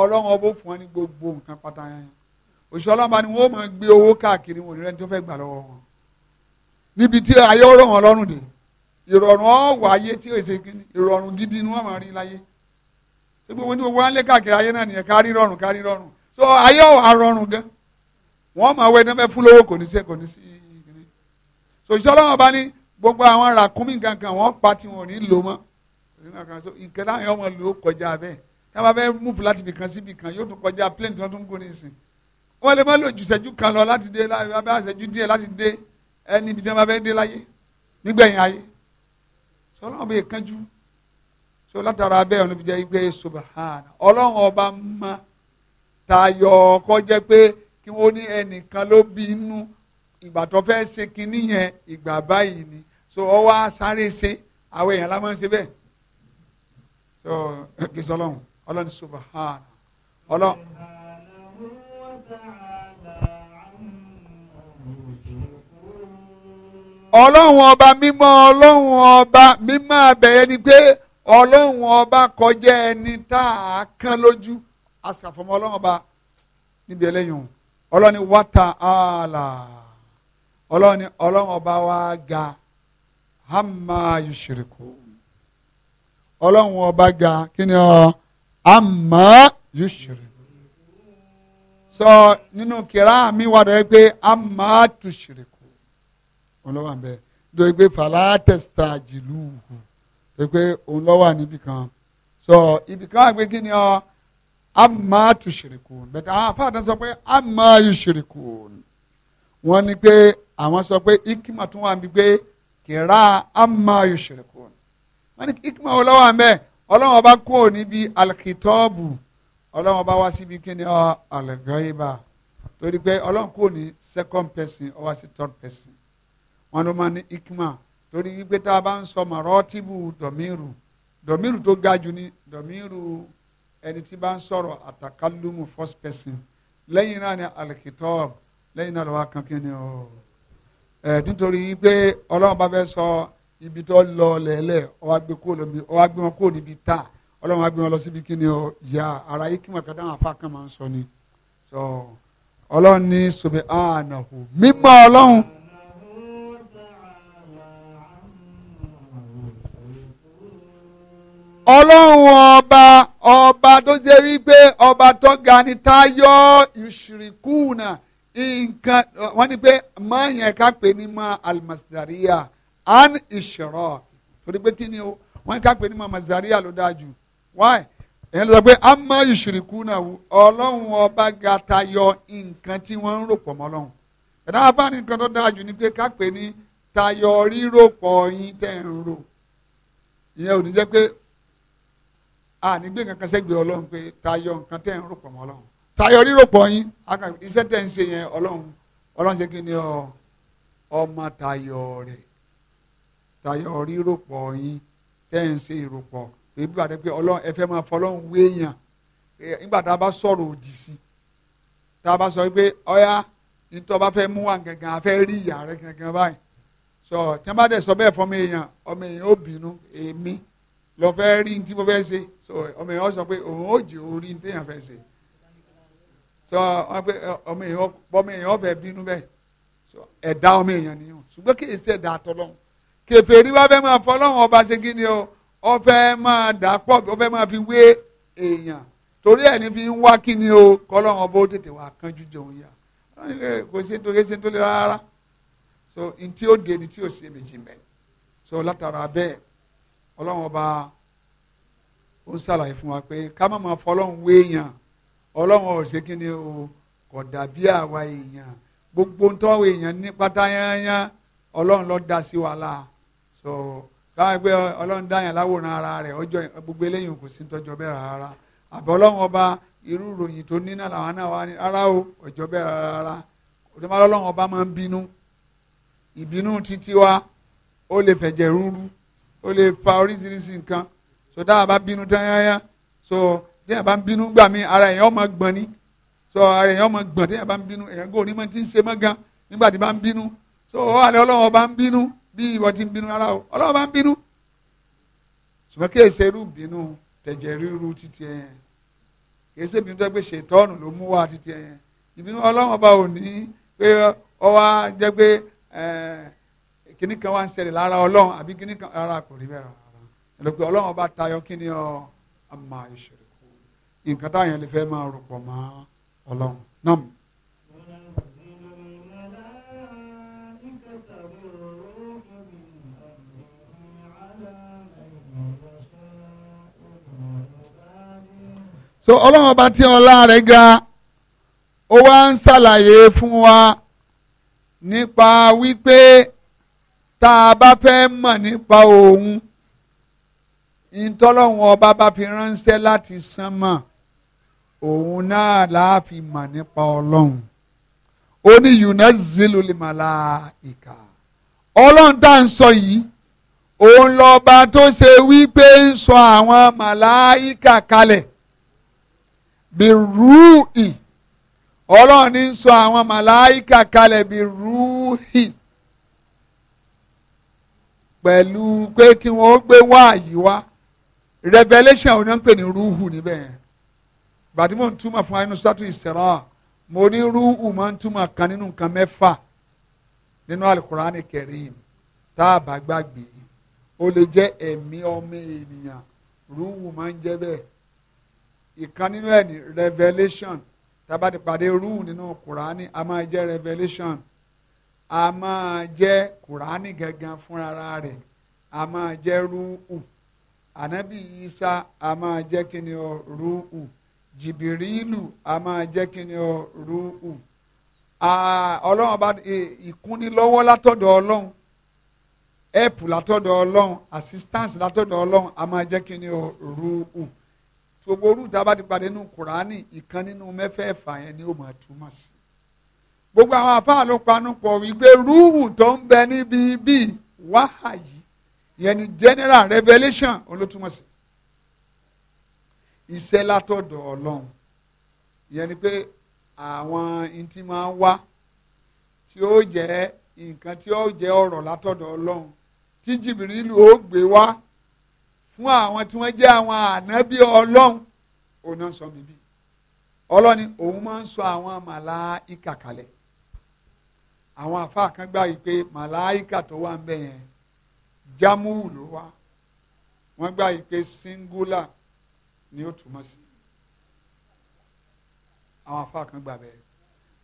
ọlọ́run ọbọ̀ fún wọn ní gbogbo nǹkan pátá yẹn òṣìṣẹ́ ọlọ́run bá ní wọ́n máa gbé owó káàkiri wọn onírẹ́ni tó fẹ́ gbà lọ́wọ́ wọn níbi tí ayé ọ̀rọ̀ wọn lọ́rùn dé ìrọ̀rùn ọ̀wọ̀ ayé tí èsè kìíní ìrọ̀rùn gidi ni wọ́n máa rí láyé ṣé gbogbo ní gbogbo wọn lé káàkiri ayé náà nìyẹn kárí rọrùn kárí rọrùn so ayé ọ̀rọ̀ rọrùn gan-an wọ́n máa wẹ́ ẹ̀dẹ́fẹ́ fún lówó kò ní sí kò ní sí ìgbìlẹ̀ sòṣìṣẹ́ ọlọ́run ọba ní gbogbo àwọn ràkúnmí kankan wọ́n pa tí wọn ò ní lò mọ́ nǹkan náà yọ wọn lò ó kọjá bẹ́ẹ̀ tá a bá fẹ́ múùpù láti bìkan sí bìkan yóò tún kọjá plane tí wọ́n tún ń gún ní ìsìn wọ́n lè má lò jù ṣẹ́jú kan lọ láti dé láti bá ṣẹ́jú díẹ̀ láti dé ẹni ibi tí wọ́n bá fẹ́ dé láyé nígbẹ̀yìn ayé sọlọ́run bẹ́ẹ̀ kánjú so látara bẹ́ẹ̀ ọ̀nà ìbíjẹ́ ìgbẹ́ subahana ọlọ́run ọba mọ́ tayọ̀ kọjá pé kí wọ́n ní ẹnìkan ló bí inú ìgbà tó fẹ́ ṣe kinní yẹn ìgbà báyìí ni so ọ wá sáré ṣe àwọn èèyàn lámọ́ ṣe bẹ́ẹ̀ so kì í sọ ọlọ́run ọlọ́run subahana ọlọ́run. ọlọ́run ọba mímọ́ ọlọ́run ọba mímọ́ abẹ́yẹ ni pé ọlọ́run ọba kọjá ẹni tá a kán lójú a ṣàfọmọ́ ọlọ́run ọba níbi ẹlẹ́yìn ọ̀hún. ọlọ́ni wata ala ọlọ́ni ọlọ́run ọba wa ga hama yushiriku ọlọ́run ọba ga kí ni ọ ama yushiriku sọ nínú kìrá mi wà dọ̀ pé ama tushiriku ọlọ́wà ń bẹ dọ̀ pé fàlà tẹ̀sítà jìlú pé òun lọ́wà níbìkan sọ ibìkan àgbẹ̀ kí ni ọ. amma tushirikun bẹ́ẹ̀ àwọn afáàdán sọ pé amma yushirikun wọ́n ní pé àwọn sọ pé ikima tún wà níbi pé kìrá amma yushirikun wọ́n ní ikima wo lọ́wọ́ àmẹ́ ọlọ́wọ́n bá kú níbi alikitọ́ọ̀bù ọlọ́wọ́n bá wá síbi kí ni ọ ah, alẹ́gbẹ́yìnbá torí pé ọlọ́wọ́n kú ní second person ọ sí third person wọ́n ló máa ní ikima torí wípé tá a bá ń sọ mọ̀rọ́ tíbù dọ̀míìrù dọ̀míìrù tó ga jù ní dọ̀míìrù ẹni tí bá ń sọ̀rọ̀ àtàkálùmù first person lẹ́yìn náà ni alikitab lẹ́yìn náà lọ́wọ́ kan kí ni o ẹ̀ nítorí pé ọlọ́run bá fẹ́ sọ ibi tó lọ lẹ́lẹ̀ ọwọ́ gbé kó lómi ọwọ́ gbé wọn kó níbi tá ọlọ́run á wọn lọ síbi kí ni o yà ara yìí kí wọn kàdá àwọn afá kan máa ń sọ ni sọ ọlọ́run ní subhanahu mímọ́ ọlọ́run. ọlọ́run ọba ọba tó ṣe wípé ọba tó ga ni táyọ̀ ìṣìrìkúùnà nǹkan wọ́n ní pé máa yẹn ká pè ní ma almasdariya an ìṣòro torí pé kí ni o wọ́n ká pè ní ma masdariya ló dáa jù why èyàn ló sọ pé a máa ìṣìrìkúùnà ọlọ́run ọba ga tayọ nǹkan tí wọ́n ń rò pọ̀ mọ́ ọlọ́run ẹ̀dá wa bá ní nǹkan tó dáa jù ni pé ká pè ní tayọ rírò pọ̀ yín tẹ̀ ń rò ìyẹn ò ní jẹ́ pé a ní gbé kankan sẹ́gbẹ̀ẹ́ ọlọ́run pé tayọ nǹkan tẹ́ ń rò mọ́ ọlọ́run tayọ rírò pọ̀ yín iṣẹ́ tẹ́ ń ṣe yẹn ọlọ́run ọlọ́run ṣe kí ni ọ ọmọ tayọ rẹ̀ tayọ rírò pọ̀ yín tẹ́ ń ṣe ìròpọ̀ èyí bàtẹ pé ọlọ́run ẹ fẹ́ máa fọlọ́run wéèyàn nígbà tá a bá sọ̀rọ̀ òdì sí tá a bá sọ pé ọyá fẹ́ mú lọ fẹ́ rí tí mo fẹ́ ṣe so ọmọ yẹn wọ́n sọ pé òun ó jẹ orí ní téèyàn fẹ́ ṣe so ọmọ yẹn ọmọ yẹn ọbẹ̀ bínú bẹ́ẹ̀ so ẹ̀dá ọmọ yẹn ni o ṣùgbọ́n kì í ṣe ẹ̀dá àtọ́lọ́hún kèfèrí wa fẹ́ máa fọlọ́hún ọba ṣe kí ni o ọfẹ́ máa dà pọ̀ ọfẹ́ máa fi wé èèyàn torí ẹ̀ ní fi ń wá kí ni o kọ́lọ́hún ọba ó tètè wà kánjú jẹun yá kò sí nítorí sí nítorí rárá so ntí ó dé ni tí ò sí èmi jì mẹ́ so látara bẹ́ẹ̀ ọlọ́run ọba ó ń ṣàlàyé fún wa pé ká má máa fọlọ́run wé ọlọ́run ò kí ni o kò dàbí àwa èèyàn gbogbo ń tọ́ èèyàn ní pátá yányán ọlọ́run ló dá sí la so káwọn ara rẹ̀ ọjọ́ ọba irú ìròyìn tó ní náà làwọn náà wà ní rárá o ọjọ́ bẹ́ẹ̀ rárá ọba máa ń bínú ìbínú ó lè fa oríṣiríṣi nǹkan so dáhà bá bínú tányányá so déyà bá ń bínú gbà mí ara èèyàn ọmọ gbọ̀n ni so ara èèyàn ọmọ gbọ̀n déyà bá ń bínú èèyàn gò ní mọ tí ń ṣe mọ́ gan nígbà tí bá ń bínú so ó wà lẹ́ ọlọ́wọ́ bá ń bínú bí ìwọ ti ń bínú ara o ọlọ́wọ́ bá ń bínú ṣùgbọ́n kí èsè irú bínú tẹ̀jẹ̀ ríru títí ẹ̀yẹn kì í ṣe ìbínú tó pé ṣètọ́ọ̀nù ló mú wá títí ẹ̀yẹn ìbínú ọlọ́wọ́ bá ò ní pé ọwọ́ á jẹ́ pé ẹ̀ẹ́ Kini kan wá ń ṣẹlẹ̀ lára ọlọ́run àbí kíní kan rárá kò rí bẹ́ẹ̀ rárá ẹlòpẹ́ ọlọ́run ọba tayọ kíní ọ àmà ìṣòro nǹkan táwọn yẹn lè fẹ́ máa rò pọ̀ mọ́ ọlọ́run so ọlọ́run ọba tí ọlá rẹ̀ ga ó wá ń ṣàlàyé fún wa nípa wípé tá a bá fẹ́ mọ̀ nípa òun ntọ́lọ́hún ọba bá fi ránṣẹ́ láti sánmà òun náà láà fi mọ̀ nípa ọlọ́run ó ní yunazzilu limalaika ọlọ́run tá à ń sọ yìí òun lọ́ba tó ṣe wípé ń sọ àwọn màláìka kalẹ̀ bí rúùhì ọlọ́run ń sọ àwọn màláìka kalẹ̀ bí rúùhì pẹ̀lú pé kí wọ́n gbé wáàyí wá revelation oní ń pè ní rúhù níbẹ̀ yẹn gbàtí mò ń túmọ̀ fún inú sọ́tù ìsẹ̀rọ̀ mo ní rúhù máa ń túmọ̀ kan nínú nǹkan mẹ́fà nínú alukurani kẹrim tá a bá gbàgbé ó lè jẹ́ ẹ̀mí ọmọ ènìyàn rúhù máa ń jẹ́ bẹ́ẹ̀ ìkan nínú ẹ̀ ní revelation tá a bá ti pàdé rúhù nínú kurani a máa jẹ́ revelation a máa jẹ́ kùránì gangan fúnra rẹ̀ a máa jẹ rúù ànábì Isa a máa jẹ kíni ọ rúù jìbìrìlù a máa jẹ kíni ọ rúù ọlọ́run bá e, ìkúnnilọ́wọ́ látọ̀dọ̀ ọlọ́run ẹ̀pù látọ̀dọ̀ ọlọ́run assistance látọ̀dọ̀ ọlọ́run a máa jẹ kíni ọ rúù gbogbo orúta bá ti padà nínú kùránì ìkan nínú mẹ́fẹ̀ẹ̀fà yẹn ni ó máa túmọ̀ sí gbogbo àwọn àfáà ló panupọ̀ wípé rúhù tó ń bẹ níbi bíi wáhàyí ìyẹn ni general revelation olótúmọ̀ sí iṣẹ́ látọ̀dọ̀ ọlọ́run ìyẹn ni pé àwọn ntí máa ń wá tí ó jẹ́ nǹkan tí ó jẹ́ ọ̀rọ̀ látọ̀dọ̀ ọlọ́run tí jìbìrìlù ó gbé wá fún àwọn tí wọ́n jẹ́ àwọn ànábì ọlọ́run òun náà sọ bíbí ọlọ́ni òun máa ń sọ àwọn màláíkà kalẹ̀ àwọn àfáà kan gbà yìí pé màláìkà tó wà ń bẹ yẹn jámúù ló wà wọ́n gbà yìí pé singular ni ó túmọ̀ sí àwọn àfáà kan gbà bẹ́ẹ̀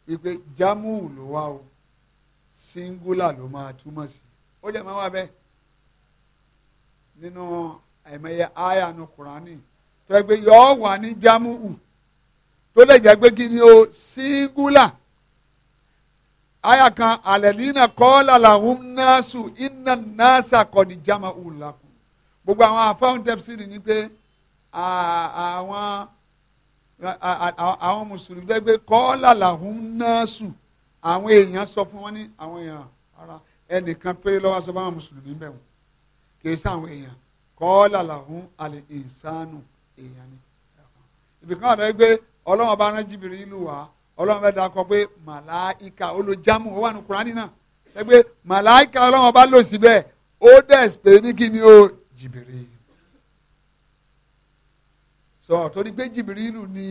wípé jámúù ló wà o singular ló máa túmọ̀ sí ó dẹ̀ máa wà bẹ́ẹ̀ nínú àìmọye àyà nu kùránì tó yẹ yọ̀ọ́ wà ní jámúù tó lè jẹ́ pé kí ni o singular aya kan alẹ́línà kọ́ọ́lá làwọn nọ́ọ̀sù iná nọ́ọ̀sà kọ́ni jama ùlàkùn gbogbo àwọn àfáwọn tẹ̀síìrì ni pé àwọn àwọn mùsùlùmí dẹ́ pé kọ́ọ́lá làwọn nọ́ọ̀sù àwọn èèyàn sọ fún wọn ní àwọn èèyàn ara ẹnìkan péré lọ́wọ́ sọ fún àwọn mùsùlùmí bẹ̀ wọ́n kìí sí àwọn èèyàn kọ́ọ́lá làwọn àlè ìsánù èèyàn ni ibìkan àdá gbé ọlọ́wọ́n bá rán jìbìrì ìlú wa ọlọ́run bẹ́ẹ̀ dakọ pé màláìka olùjámù ó wà ní kúránì náà ẹ pé màláìka ọlọ́run ọba lò síbẹ̀ ó dẹ̀sí pé ní kí ni ó jìbìrì sọ torí pé jìbìrì ìlú ni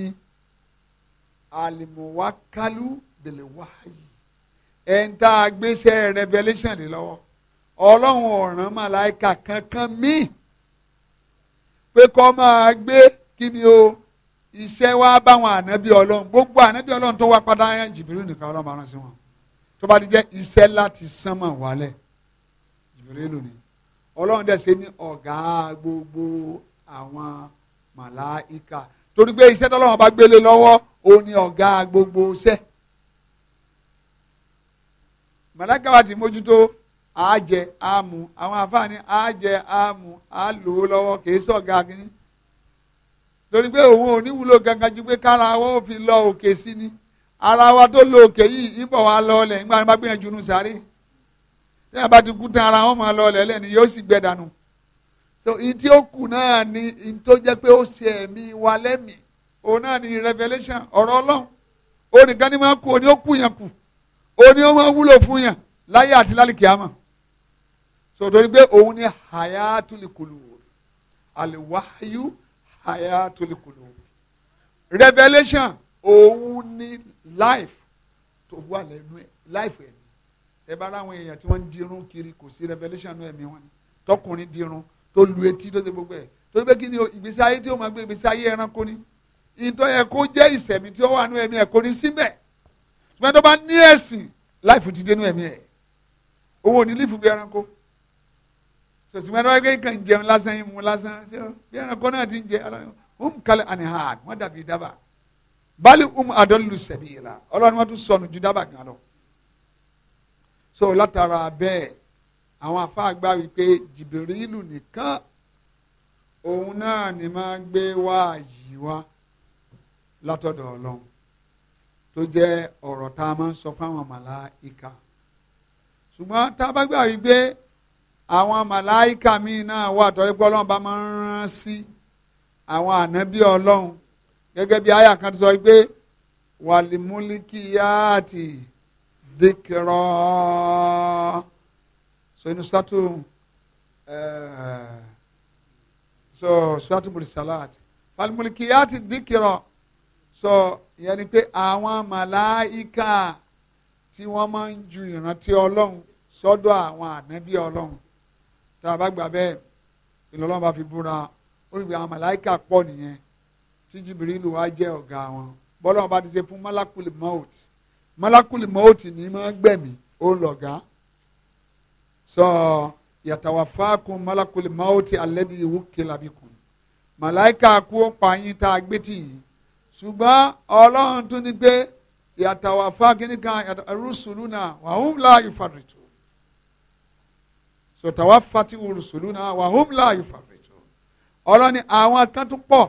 alimuwakalu bẹ̀lẹ̀ wáyé ẹ̀ gbéṣẹ́ revelation lé lọ́wọ́ ọlọ́run ọ̀ràn màláìka kankan míì pé kọ́ máa gbé kí ni o iṣẹ́ wa báwọn ànábì ọlọ́run gbogbo ànábì ọlọ́run tó wá padà jìbìrì nìkan ọlọ́run máa rán sí wọn tó bá ti jẹ́ iṣẹ́ láti sánmọ̀ wálẹ̀ jìbìrì lónìí ọlọ́run dẹ̀ ṣe ní ọ̀gá gbogbo àwọn màláìka torí pé iṣẹ́ tọ́lọ́run bá gbélé lọ́wọ́ òun ni ọ̀gá gbogbo iṣẹ́ màláìka wa ti mójútó àájẹ àmú àwọn àfáàní àájẹ àmú àlòó lọ́wọ́ kì í sọ̀gá kínní torí pé òun ò ní wúlò gangan ju pé kára wọn ò fi lọ òkè sí ni ara wa tó lọ òkè yìí ń bọ̀ wá lọ ọlẹ̀ nígbà wọn bá gbìyànjú nu sáré tí wọn bá ti kú tán ara wọn máa lọ ọlẹ̀ yóò sì gbẹ dànù so ìyí tí ó kù náà ni ìyí tó jẹ́ pé ó ṣe ẹ̀mí wa lẹ́mìí òun náà ni revelation ọ̀rọ̀ ọlọ́run onìkan ni máa kú òní ó kú yẹn kù òní ó máa wúlò fún yẹn láyé àti lálìkì àmà so torí pé òun ni hayatul kulub alwahyu hayatul qulub revelation òun ni life tó wà lẹ́nu life ẹ̀ ẹ bá ráwọn èèyàn tí wọ́n ń dirun kiri kò sí revelation náà ẹ̀mí wọn ni tọkùnrin dirun tó lu etí tó ṣe gbogbo ẹ̀ tó ṣe pé kí ni ìgbésí ayé tí ó máa gbé ìgbésí ayé ẹranko ni ìtọ́ yẹ kó jẹ́ ìsẹ̀mí tí ó wà nínú ẹ̀mí ẹ̀ kò ní síbẹ̀ ṣùgbọ́n tó bá ní ẹ̀sìn life ti dé nínú ẹ̀mí ẹ̀ owó ní lífù bí ẹranko sòsùnmọ́ ẹni wọ́n gbé nǹkan jẹun lásán yín mu lásán ṣé bí ẹranko náà ti ń jẹ um kálí àni hàn wọ́n dàbí dábà bali um adọ́lù sẹ̀bi yìí la ọlọ́run wọn tún sọnù ju dábà gan lọ. so látara bẹ́ẹ̀ àwọn afá gbá wípé jìbìrìlù nìkan òun náà ni máa gbé wá yìí wá látọ̀dọ̀ ọlọ́run tó jẹ́ ọ̀rọ̀ tá a máa ń sọ fáwọn màláíkà ṣùgbọ́n tá a bá gbà wípé àwọn màláìkà míì náà wà tọ́lẹ́ pé ọlọ́run bá máa ń rán sí àwọn ànábì ọlọ́run gẹ́gẹ́ bí àyà kan ti sọ pé wàlímúlíkìyàtì dìkìrọ̀ so inú sátú so sátú bùrìsàláàtì wàlímúlíkìyàtì dìkìrọ̀ so ìyẹn ni pé àwọn màláìkà tí wọ́n máa ń ju ìrántí ọlọ́run sọ́dọ̀ àwọn ànábì ọlọ́run tá a bá gbà bẹ́ẹ̀ ìlọlọ́run bá fi búra ó rí i pé àwọn màláìkà pọ̀ nìyẹn tí jìbìrìlù wá jẹ́ ọ̀gá wọn bọ́lọ́run bá ti ṣe fún malakuli maut malakuli maut ni máa gbẹ̀mí ó ń lọ̀gá sọ yàtàwáfáàkùn malakuli maut alẹ́dí ìwú kelabikum màláìkà kú ó pa yín tá a gbé tì yín ṣùgbọ́n ọlọ́run tún ní pé yàtàwáfáàkùn nìkan ẹrú náà wàhùn láàyè fàdùtù sọtawa fati urusulu náà wà hómìlà ìfàfẹ́tò ọlọ́ni àwọn kan tó pọ̀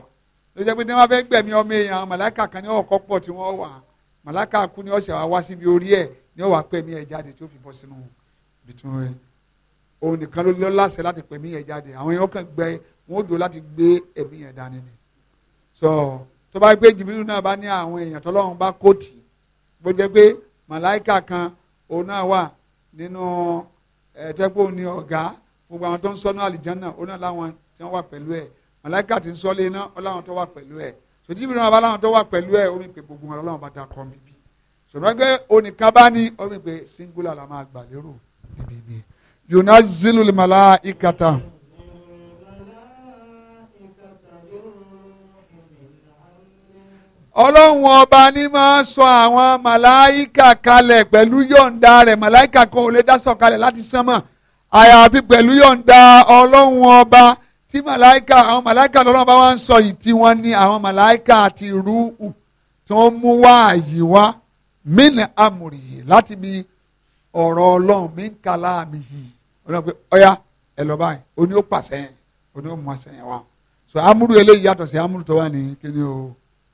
ló jẹ́ pé ní wọ́n fẹ́ gbẹ̀mí ọmọ èèyàn àwọn màláìka kan ní ọkọ̀ pọ̀ tí wọ́n wà màláìka kú ni ọ̀sẹ̀ wá síbi orí ẹ̀ ní ọ̀wà pẹ̀mí ẹ̀ jáde tí ó fi bọ́ sínú bìtún rẹ̀ òun nìkan ló lọ láṣẹ láti pẹ̀mí ẹ̀ jáde àwọn èèyàn kan gbẹ wọn ó dúró láti gbé ẹ̀mí ẹ̀ dání ni sọ tó bá gbé jìbìrì náà bá ní àwọn èèyàn tọ́lọ́run bá kóòtì bó jẹ́ pé màláìka kan òun náà wà nínú ẹ̀ẹ́dẹ́gbẹ́ òun ni ọ̀gá gbogbo àwọn tó ń sọ́nù àlìjánná ó náà láwọn tí wọ́n wà pẹ̀lú ẹ̀ màláìka ti ń sọ́lé iná ó láwọn tó wà pẹ̀lú ẹ̀ sòtí ibi náà bá láwọn tó wà pẹ̀lú ẹ̀ ó ní pé gbogbo wọn láwọn bá da kọ́ mi bí sòtúnwágbé onìkan bá ní ó ní pé singular la máa gbà lérò níbi ibi limala ikata. ọlọ́run ọba ní máa sọ àwọn màláìkà kalẹ̀ pẹ̀lú yọ̀ǹda rẹ̀ màláìkà kan ò lè dá sọ̀ kalẹ̀ láti sánmọ̀ àyàfi pẹ̀lú yọ̀ǹda ọlọ́run ọba tí màláìkà àwọn màláìkà lọ́lọ́run ọba wa ń sọ yìí tí wọ́n ní àwọn màláìkà àti rúù tó ń mú wáàyè wá mínà amòrì láti bí ọ̀rọ̀ ọlọ́run mí ń kalá mi yìí ọlọ́run pé ọ̀yá ẹ lọ báyìí oní ó pàṣẹ yẹn oní ó mú àṣẹ yẹn wá so amúrú eléyìí yàtọ̀ sí amúrú tó wà ní kíni o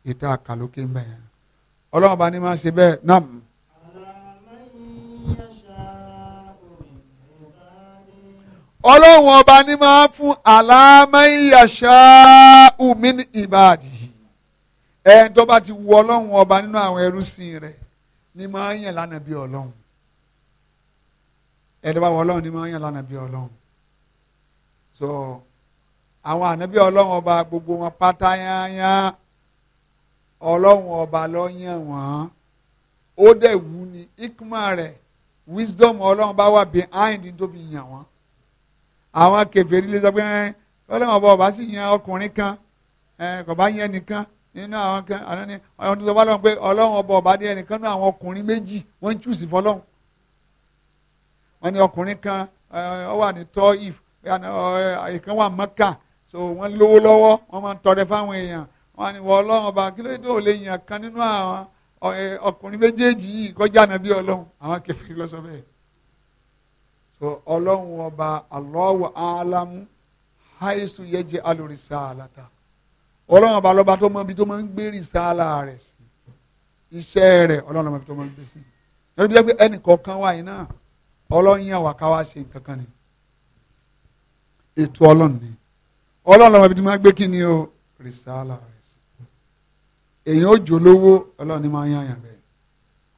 ìta àkàlókè mbẹ yẹn ọlọ́run bá ní máa ṣe bẹ́ẹ̀ nam. ọlọ́run ọba ní máa fún àlàmáyàṣá umin ibadi ẹni tó bá ti wu ọlọ́run ọba nínú àwọn ẹrú sìn rẹ̀ ní máa yàn lánàá bí ọlọ́run ẹni tó bá wọ ọlọ́run ní máa yàn lánàá bí ọlọ́run so àwọn ànábí ọlọ́run ọba gbogbo wọn pátá yányán ọlọ́run ọba ló yàn wọ́n ó dẹ̀ wù ní ikma rẹ̀ wisdom ọlọ́run bá wà behind tó fi yàn wọ́n àwọn kèfèrí lè sọ pé ẹ ọlọ́run ọba ọba sì yan ọkùnrin kan ẹ kò bá yan nìkan nínú àwọn kan àná ni ọ̀run tó sọ bá lọ́run pé ọlọ́run ọba ọba ní ẹnìkan náà àwọn ọkùnrin méjì wọ́n ń chúùsì fọlọ́run wọ́n ní ọkùnrin kan ọ wà ní tọ́ if ìkan wà mọ́kà so wọ́n lówó lọ́wọ́ wọ́n máa ń tọrẹ fáwọn èèyàn wọn ni wọ ọlọ́run ọba kí ló dé ò lè yàn kan nínú àwọn ọkùnrin méjèèjì yìí kọjá nàbí ọlọ́run àwọn kẹfìrí lọ sọ bẹ́ẹ̀ so ọlọ́run ọba Allahu alamu haisu yẹjẹ alorisa alata ọlọ́run ọba lọ́ba tó mọ ibi tó máa ń gbé rìsáàlà rẹ̀ sí iṣẹ́ rẹ̀ ọlọ́run ọba ibi tó máa ń gbé sí lórí bí wọ́n ẹnì wà yìí náà ọlọ́run yàn wá ká wá ṣe nǹkan kan ni ètò ọlọ́run ni ọlọ́run ọba ibi tó máa ń gbé kí ni o rìsáàlà rẹ̀ èyàn ó jò lówó ọlọ́run ni máa ń yàyàn bẹ́ẹ̀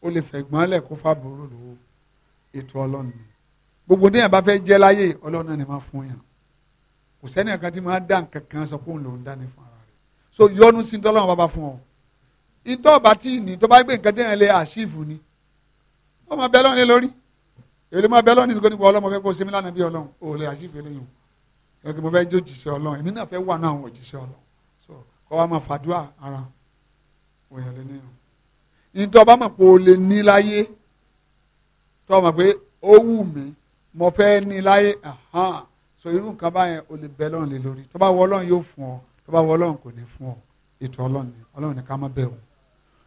ó lè fẹ̀gbọ́n lẹ̀ kó fàbúrò lówó ètò ọlọ́run ni gbogbo déyàn bá fẹ́ jẹ́ láyé ọlọ́run ni máa fún yàn kò sẹ́ni kan tí máa dá nǹkan sọ pé òun dání fún ara rẹ̀ so yọnu sí tọ́lọ́run bá bá fún ọ ìtọ́ ọba tí ní tó gbé nǹkan déyàn lé àṣìfù ni ó máa bẹ ọlọ́run lé lórí èlé máa bẹ ọlọ́run ní ìsìnkú ọlọ́run mo fẹ́ kó o sinmi lánàá bí ọlọ́run ò lè àṣìfù eléyìí o mo fẹ́ jó jìṣẹ́ ọlọ́run èmi so kọ́ wa máa ara òyìn lè níyàn nítorí ọba mọ̀ pé o lè ní láyé tó mọ̀ pé ó wù mí mo fẹ́ ní láyé so irú nǹkan báyẹn o lè bẹ lọ́run lé lórí tó bá wọ ọlọ́run yóò fún ọ tó bá wọ ọlọ́run kò ní fún ọ ètò ọlọ́run ni ọlọ́run ni ká má bẹ̀rù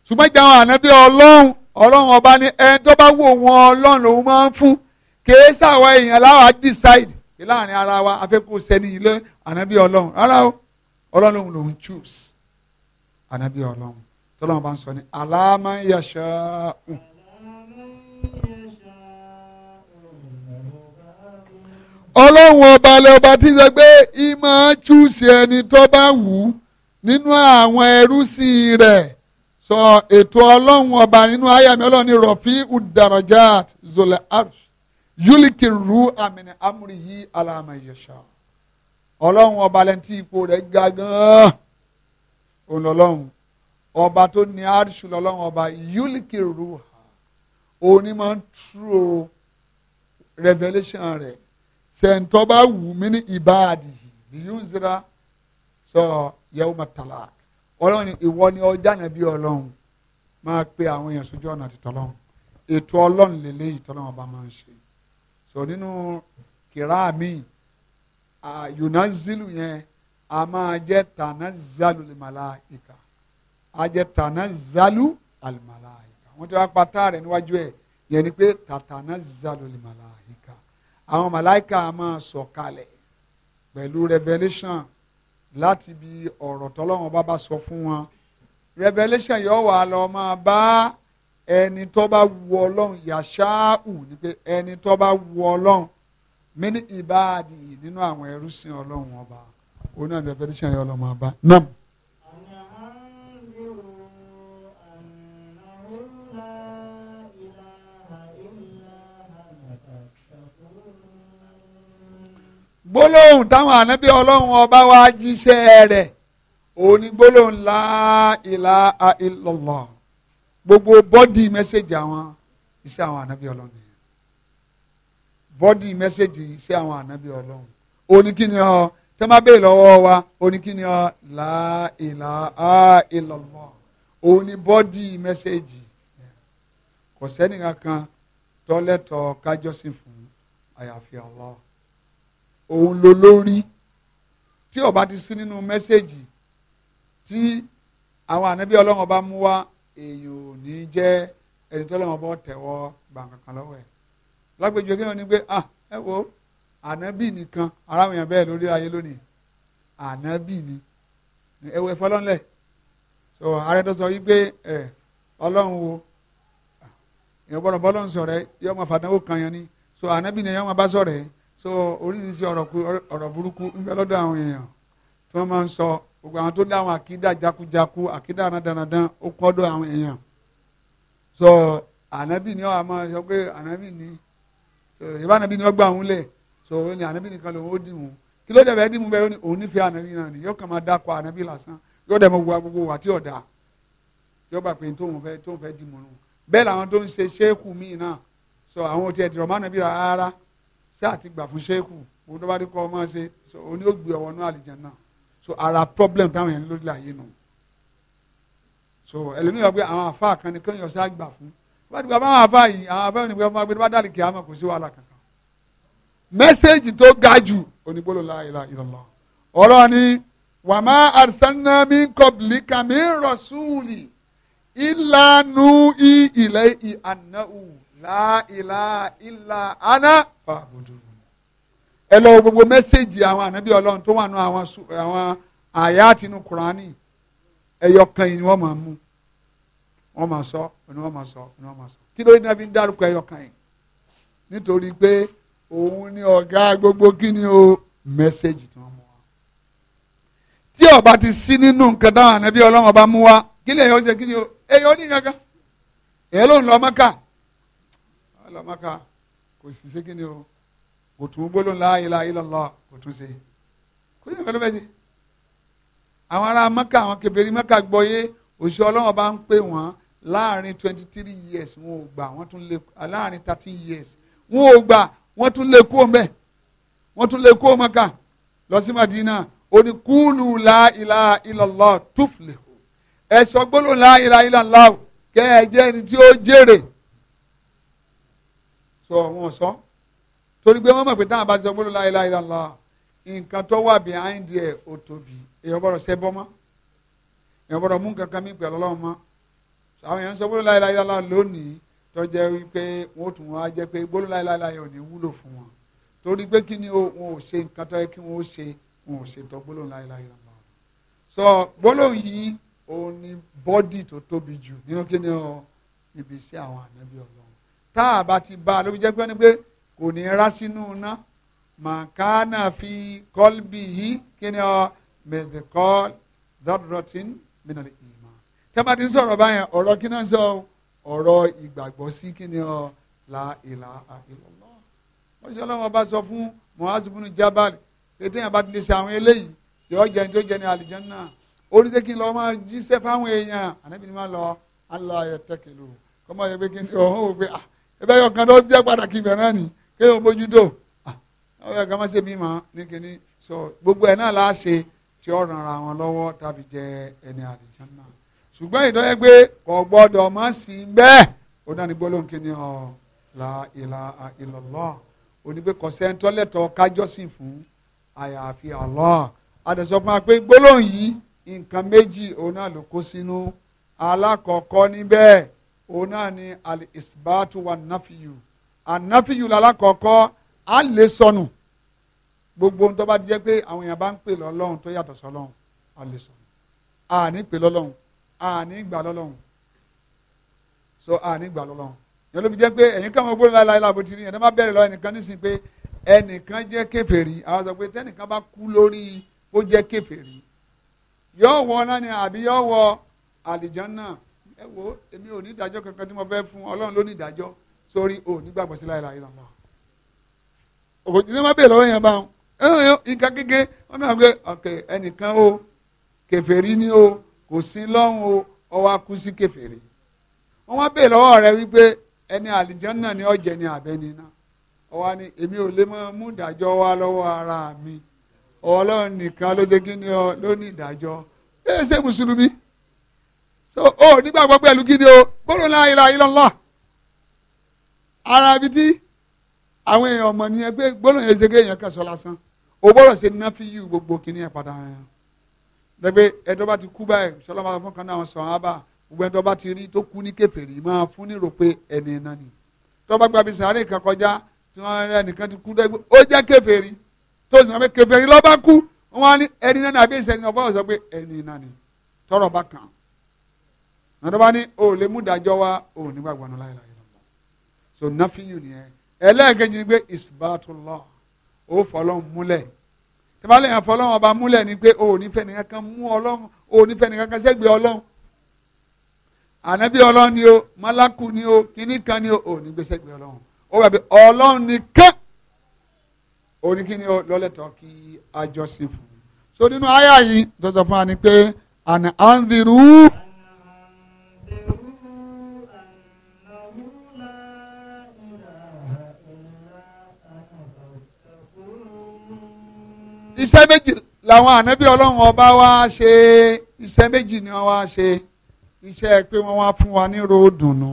ṣùgbọ́n ìjà àwọn ànábì ọlọ́run ọlọ́run ọba ni ẹni tó bá wò wọn ọlọ́run lòun máa ń fún kèé sàwọn èèyàn láwa decide kí láàrin ara wa afẹ́kọ̀ọ́ sẹ́ni ilé ànábì ọlọ́run rárá o ọlọ́run lòun choose ànábì ọlọ́run tọ́lọ́mọ bá ń sọ ni aláàmà yàṣà ù. ọlọ́run ọba alẹ́ ọba tí sọ pé ìmọ̀ chúùsì ẹni tó bá wù ú nínú àwọn ẹrúsì rẹ̀ sọ ètò ọlọ́run ọba nínú àyà ọlọ́run ní rọ̀fí udarajat zola arsh yúlìkì rú àmìnà amúrìyí aláàmà yàṣà ọlọ́run ọba alẹ́ tí ipò rẹ̀ ga gan-an òun ọba tó ní àrùsù lọ́lọ́run ọba yúlíkì ruha òun ni máa ń tró revelation rẹ̀ sẹ̀ńtọ́ bá wù mí ní ìbáàdì yúzra sọ yẹ́wò mọ̀tàlá ọlọ́run ni ìwọ ni ọjà yẹn bí ọlọ́run máa pe àwọn èèyàn sójú ọ̀nà àti tọ́lọ́run ètò ọlọ́run lélẹ́yìí tọ́lọ́run ọba máa ń ṣe sọ nínú kìrá mi yẹn a máa jẹ́ tànazalul malaika ajẹ́ tanazzalu al-malaika wọ́n ti wá pata rẹ̀ níwájú ẹ̀ yẹn ni pé tatanazzalu al-malaika àwọn màláìka máa sọ̀kalẹ̀ pẹ̀lú revelation láti bi ọ̀rọ̀ tọ́lọ́wọ́n bá bá sọ fún wọn revelation yóò wà lọ máa bá ẹni tó bá wu ọlọ́run yàṣáù ni pé ẹni tó bá wu ọlọ́run mí ní ìbáàdì nínú àwọn ẹrú sí ọlọ́run ọba oní àdìrẹ́fẹ́díṣàn yóò lọ máa bá gbólóhùn táwọn ànábì ọlọ́run ọba wa jíṣẹ́ rẹ̀ òun ni gbólóhùn la ilaha illallah gbogbo bọ́dì mẹ́sẹ̀gì àwọn iṣẹ́ àwọn ànábì ọlọ́run nìyẹn bọ́dì mẹ́sẹ̀gì iṣẹ́ àwọn ànábì ọlọ́run òun ni kí ni ọ tẹ́ lọ́wọ́ wa òun kí ni ọ la ilaha illallah òun ni bọ́dì mẹ́sẹ̀gì kò sẹ́nìkan kan tọ́lẹ́tọ̀ kájọ́sìn fún àyàfi Allah òun ló lórí tí ó bá ti sí nínú mẹ́sẹ̀gì tí àwọn ànábì ọlọ́run ọba mú wá èèyàn ò ní jẹ́ ẹni tó lọ́wọ́ bọ́ tẹ̀wọ́ gbàǹkankan lọ́wọ́ ẹ̀ lágbèjọ kí wọ́n ní pé ah ẹ wo ànábì nìkan aráwọ̀ èèyàn bẹ́ẹ̀ lórí ayé lónìí ànábì ni ẹ wo ẹ̀fọ́ lọ́nlẹ̀ so ààrẹ tó sọ wípé ẹ ọlọ́run wo èèyàn gbọ́dọ̀ bọ́ lọ́run sọ̀rẹ́ yọ́ọ́ máa fàdánwò kan yẹn ni so ànábì ni yọ́ọ́ máa bá sọ̀rẹ́ so oríṣiríṣi ọ̀rọ̀ burúkú ń bẹ lọ́dọ̀ àwọn èèyàn tí wọ́n máa ń sọ gbogbo àwọn tó ní àwọn àkídà jakujaku àkídà randanadan ó kọ́dọ̀ àwọn èèyàn so ànábì ni wọ́n máa sọ pé ànábì ni so ìbá ànábì ni wọ́n gbà òun lẹ̀ so ó ní ànábì nìkan lòun ó dì mú kí ló dẹ̀ bẹ́ẹ̀ dì mú bẹ́ẹ̀ ó ní òun nífẹ̀ẹ́ ànábì náà ni yóò kàn máa dákọ̀ ànábì lásán yóò dẹ̀ mọ wá gbogbo wà tí ọ̀dà yóò bá pé tóun fẹ́ tóun fẹ́ dì mú nù bẹ́ẹ̀ làwọn tó ń ṣe ṣéèkù míì náà so àwọn ò tiẹ̀ dìrọ̀ mọ́ ànábì rárá sí àti gbà fún ṣéèkù òun tó bá dé kọ́ ọmọ ṣe so òun yóò gbé ọwọ́ ní àlìjánnà so ara problem táwọn yẹn lórí láàyè nù so ẹlòmíràn pé àwọn àfa kan ni kéèyàn ṣáà gbà fún wọ́n ti gba fún àwọn àfa yìí àwọn àfa yìí ni wọ́n gbé bá dàlí kí a mọ̀ kò sí wàhálà kankan mẹ́sẹ̀gì tó ga jù onígbóló la ilaha illallah ọ̀rọ̀ ni wàmà àrísánnámi kọ̀bìlì kàmí rọ̀ṣúùlì ìlànà ilẹ̀ ìhànà òwò láìlà ìlà àná fàbùdù. ẹ lọ gbogbo mẹ́sẹ̀gì àwọn ànábì ọlọ́run tó wà nù àwọn àyà àtinú kùránì ẹyọ kan yìí ni wọ́n máa mú wọ́n máa sọ ni wọ́n máa sọ ni wọ́n máa sọ kí ló dé náà fi ń dárúkọ ẹyọ kan yìí nítorí pé òun ni ọ̀gá gbogbo kí o mẹ́sẹ̀gì tí wọ́n mú wa. tí ọba ti sí nínú nǹkan táwọn ànábì ọlọ́run ọba mú wa kí lè yọ ṣe kí ni o èyí ní gangan èyí ló ń lọ mọ́kà. Alamaka, kò sì ṣe kíni o kò tún gbólóhùn la ilaha illallah kò tún ṣe kò sí ìfẹ́lẹ́ bẹ́ẹ̀ àwọn ará mọ́kà àwọn kèfèrí mọ́kà gbọ́yé òṣìṣẹ́ ọlọ́wọ́n bá ń pè wọ́n láàrin twenty three years wọn ò gbà wọ́n tún lè láàrin thirteen years wọn ò gbà wọ́n tún lè kó mbẹ́ wọ́n tún lè kó mọ́kà lọ sí Madina oníkúlù la ilaha illallah tuflihu ẹ sọ gbólóhùn la ilaha illallah kẹ́ ẹ jẹ́ ẹni tí ó jèrè sọ wọn sọ torí pé wọ́n mọ̀ pé táwọn bá ti sọ gbọ́dọ̀ láéláé lọ́la nǹkan tó wà bí àìndí ẹ̀ ó tóbi èèyàn gbọ́dọ̀ ṣẹ́ bọ́ mọ́ èèyàn gbọ́dọ̀ mú nǹkan kan mí pẹ̀lú ọlọ́run mọ́ àwọn èèyàn sọ gbọ́dọ̀ láéláé lọ́la lónìí tó jẹ́ wípé wọ́n tún wá jẹ́ pé gbọ́dọ̀ láéláé lọ́la ò ní wúlò fún wọn torí pé kí ni wọn ò ṣe nǹkan tó yẹ kí wọn ó ṣe wọn ò ṣe tó gbólóhùn láéláé lọ́la sọ gbólóhùn yìí òun ni bọ́dì tó tóbi jù nínú kí ni ibi iṣẹ́ àwọn ànábì ọ̀la tá a bá ti bá a ló fi jẹ́ pé wọ́n ní pé kò ní rá sínú iná màkánà fi kọ́lbì yìí kí ni ọ mẹ̀dẹ̀kọ́ dọ́dọ̀tìn mìíràn ìmọ̀ tí a bá ti ń sọ̀rọ̀ báyẹn ọ̀rọ̀ kí náà sọ ọ̀rọ̀ ìgbàgbọ́ sí kí ni ọ la ìlà àìlọ́lọ́ wọ́n ṣe ọlọ́run ọba sọ fún muhazu bunu jabal ètò yẹn bá ti lè ṣe àwọn eléyìí yọ jẹ tó jẹ ní àlìjánná oníṣẹ́ kí n lọ́ọ́ máa jíṣẹ́ fáwọn èèyàn ànábì ni máa lọ aláyọ̀ tẹ́kẹ̀lú kọ́mọ́ yẹ pé kí ni ọ̀hún ò pé ah ebe yọ kan tó jẹ́ pàtàkì ibẹ̀ náà ni kéèyàn bójútó ah, ọ̀rọ̀ ẹ̀ka máa ṣe mí ní sọ gbogbo ẹ̀ náà láà ṣe tí ọ ràn ara wọn lọwọ tàbí jẹ ẹni àdìjọ́n náà ṣùgbọ́n ìdọ́yẹ pé kò gbọ́dọ̀ má sí bẹ́ẹ̀ ó kíní la fún àyàfi pé yìí nǹkan méjì òun náà òun náà ni al wa nafiyu anafiyu lala á lè sọnù gbogbo ohun tó bá ti jẹ́ pé àwọn èèyàn bá ń pè lọ́lọ́run tó yàtọ̀ sọ́lọ́run á sọnù àní pè lọ́lọ́run àní gbà lọ́lọ́run so àní gbà lọ́lọ́run yẹn ló fi jẹ́ pé ẹ̀yin káwọn gbóló láéláé láàbò ti rí ẹ̀ tó bá bẹ̀rẹ̀ lọ ẹnìkan nísìnyí pé ẹnìkan jẹ́ kèfèrí àwọn sọ pé tẹ́nìkan bá kú lórí ó jẹ́ kèfèrí yóò wọ náà ni àbí yóò wọ àlìjánná náà ẹ wo èmi ò ní ìdájọ́ kankan tí mo fẹ́ fún ọlọ́run ló ní ìdájọ́ sórí ò ní gbàgbọ́ sí láìláì lọ́mọ. òkòtì ní wọ́n bèèrè lọ́wọ́ yẹn bá wọn nǹkan kéke wọ́n náà gbé ọ̀kẹ́ ẹnìkan o kèfèrí ni o kò sí lọ́hùn o ọwọ́ akú sí kèfèrí. wọ́n wá bèèrè lọ́wọ́ rẹ wípé ẹni àlìjánná ni ọ̀jẹ̀ ni àbẹ́ni náà ọwọ́ ni èmi ò lè mọ mú ìdájọ́ wá lọ́wọ́ ara mi ọlọ́run nìkan ló ṣe kí ni ọ ló ní ìdájọ́ ẹ ṣe mùsùlùmí ó oh, pẹ̀lú kí ni o gbọ́dọ̀ la ilaha illallah ara ibi tí àwọn èèyàn ọmọ nìyẹn pé gbọ́dọ̀ yẹn ṣe kéèyàn kẹsọ̀ lásán o gbọ́dọ̀ ṣe ná fi yí gbogbo kíní ẹ̀ padà yẹn dẹ́gbẹ́ ẹ̀dọ́ bá ti kú báyìí sọlọ́mọ àwọn kan náà sọ̀rọ̀ ábà gbogbo ẹ̀dọ́ bá ti rí tó kú ní kèfèrí máa fún nírò pé ẹni iná ni tó bá gbàgbé sàárè kan kọjá tí wọ́n rẹ̀ nìkan ti kú dẹ́gbẹ́ ó jẹ́ kèfèrí tó sọ pé kèfèrí ló bá kú wọ́n ní ẹni iná ni àbí ìṣẹ́ni ọ̀bọ̀ sọ pé ẹni àwọn tó bá ní o lè mú ìdájọ́ wá o nígbà gbọ́nà láyé láyé lọ́wọ́ so nafiyu nìyẹn ẹlẹ́ẹ̀kejì ni pé isbatullah ó fọlọ́n múlẹ̀ tẹ́bálẹ̀ yẹn fọlọ́n ọba múlẹ̀ ni pé o nífẹ̀ẹ́ nìkan kan mú ọlọ́run o nífẹ̀ẹ́ nìkan kan sẹ́gbẹ̀ẹ́ ọlọ́run ànábì ọlọ́run ni o málákù ni o kíní kan ni o o ní gbèsè gbé ọlọ́run ó wà bí ọlọ́run nìkan oníkíni lọ́lẹ́tọ̀ kí ajọ́sìn fún un so nínú àyà yìí tó sọ fún wa ni pé àná àǹdìrú. iṣẹ́ méjì làwọn ànábì ọlọ́run ọba wá ṣe iṣẹ́ méjì ni wọ́n wá ṣe iṣẹ́ pé wọ́n wá fún wa ní ròdùnú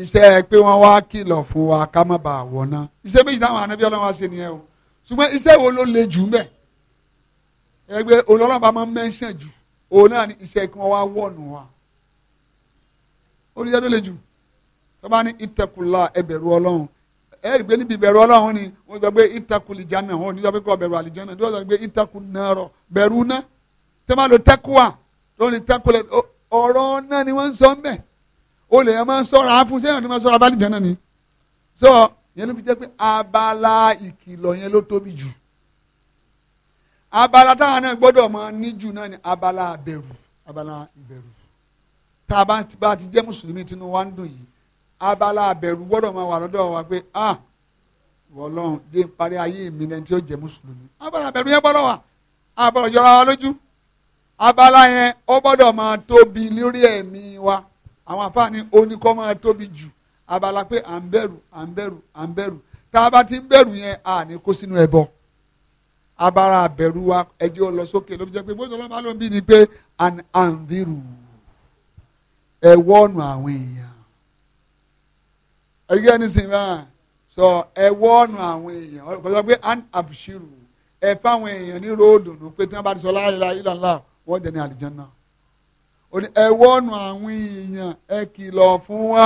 iṣẹ́ pé wọ́n wá kìlọ̀ fún wa ká má bàa wọ̀nà iṣẹ́ méjì táwọn ànábì ọlọ́run wá ṣe nìyẹn o ṣùgbọ́n iṣẹ́ wo ló le jù ń bẹ̀ ẹgbẹ́ ọlọ́run bá máa ń mẹ́ṣẹ̀ jù òun náà ni iṣẹ́ kí wọ́n wá wọ̀nù wa oríṣẹ́ ló le jù tó bá ní ìtẹ̀kùlá ẹbẹ̀rù ọlọ́run ẹ rí i pé níbi ìbẹ̀rù ọlọ́run ni wọ́n sọ pé ìtakùlì jana wọn ní sọ pé kò bẹ̀rù àlìjánà tí wọ́n sọ pé ìtakùn náà rọ bẹ̀rù náà tẹ́ máa lo tẹ́kùwà lórí tẹ́kùlẹ̀ ọ̀rọ̀ náà ni wọ́n ń sọ mbẹ́ o lè máa sọ̀rọ̀ àfún sẹ́yìn ni máa sọ̀rọ̀ abálìjánà ni sọ yẹn ló fi jẹ́ pé abala ìkìlọ̀ yẹn ló tóbi jù abala táwọn náà gbọ́dọ̀ máa níjù náà ni abala ìbẹ̀rù abala ìbẹ̀rù tá a bá ti jẹ́ mùsùlùmí tinú wa ń dùn yìí abala abẹ̀rù gbọ́dọ̀ máa wà lọ́dọ̀ wa pé ah wọlọ́run dé parí ayé mi lẹ́ni tí ó jẹ́ mùsùlùmí abala abẹ̀rù yẹn gbọ́dọ̀ wà abala yọra wa lójú abala yẹn ó gbọ́dọ̀ máa tóbi lórí ẹ̀mí wa àwọn àfààní oníkọ́ máa tóbi jù abala pé à ń bẹ̀rù à ń bẹ̀rù à ń bẹ̀rù tá a bá ti ń bẹ̀rù yẹn à ní kó sínú ẹbọ abara abẹ̀rù wa ẹjẹ́ ó lọ sókè ló fi jẹ́ pé bóyá ọlọ́mọ alóbi ni pé an andiru ẹ̀wọ́ ọ̀nà àwọn èèyàn ẹgbẹ́ ni sinmi náà sọ ẹ wọ́ọ̀nù àwọn èèyàn ọ̀pọ̀lọpọ̀ pé an abshiru ẹ fáwọn èèyàn ní róòdù nù pé tí wọ́n bá ti sọ láyìlá ìlànà wọ́n dẹ̀ ní àlìjánná ẹ wọ́ọ̀nù àwọn èèyàn ẹ kìlọ̀ fún wa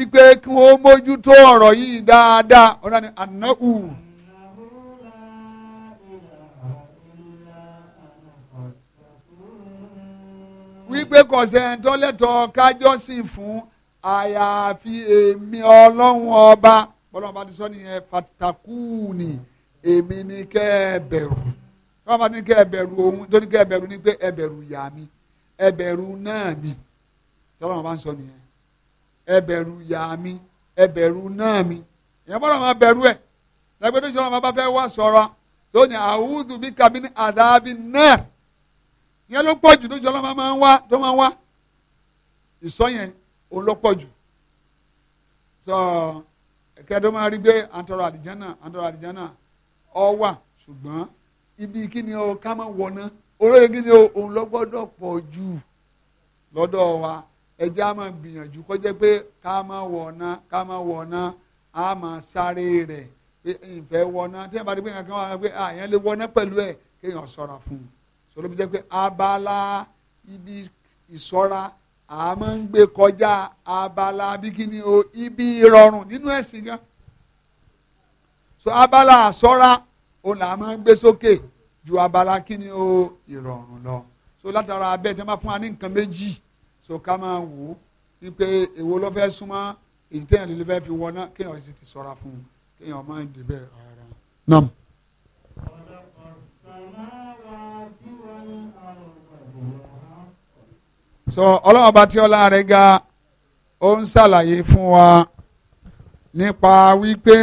ipe kí wọ́n mójútó ọ̀rọ̀ yìí dáadáa ọ̀nà ni ànáhù. wípé kọ̀sẹ̀ ń tọ́lẹ̀tọ̀ kájọ́sìn fún àyàfi èmi ọlọ́run ọba ọlọ́run ọba ti sọ nìyẹn fatakúùnì èmi ni kẹ́ ẹ bẹ̀rù tọ́wọ́n bá ní kẹ́ ẹ bẹ̀rù ohun tó ní kẹ́ ẹ bẹ̀rù ni pé ẹ bẹ̀rù ìyá mi ẹ bẹ̀rù náà mi tọ́wọ́n bá ń sọ nìyẹn ẹ bẹ̀rù ìyá mi ẹ bẹ̀rù náà mi ìyẹn bọ́dọ̀ máa bẹ̀rù ẹ̀ lẹ́gbẹ̀dẹ́ sọ́wọ́n bá bá fẹ́ wá sọ̀rọ̀ tó ní àwùjọ bí kabi ní àdáàbí náà ìyẹn ló pọ̀ jù tó jọlọ́ máa ń wá tó máa ń wá ìsọ olópọ̀ jù sọ kẹdọ máa rí gbé àtọrọ àlìjánà àtọrọ àlìjánà ọ wà ṣùgbọ́n ibi kí ni o ká máa wọná olóyè kí ni o òun lọ gbọ́dọ̀ pọ̀ jù lọ́dọ̀ wa ẹjẹ́ a máa gbìyànjú kó jẹ́ pé ká máa wọ̀ná ká máa wọ̀ná a máa sáré rẹ̀ pé ìfẹ́ wọ̀ná tí wọ́n bá rí pé kankan wà pé àyàn lè wọ̀ná pẹ̀lú ẹ̀ kéèyàn ṣọ́ra fún un sọlọ́ bí jẹ́ pé abala ibi ìṣọ́ra a máa ń gbé kọjá abala bíkíní o ibi ìrọ̀rùn nínú ẹ̀sìn gan so abala àsọ́ra òun là máa ń gbé sókè ju abala kíní o ìrọ̀rùn lọ so látara abẹ́ tí wọ́n bá fún wa ní nǹkan méjì so ká máa wò ó wípé èwo ló fẹ́ súnmọ́ èyí tẹ̀yìn lè fẹ́ fi wọ́n náà kéèyàn sì ti sọ́ra fún un kéèyàn máa ń débẹ̀ rárá. so ọlọ́run ọba tí ọlá rẹ̀ ga ó ń ṣàlàyé fún wa nípa wípé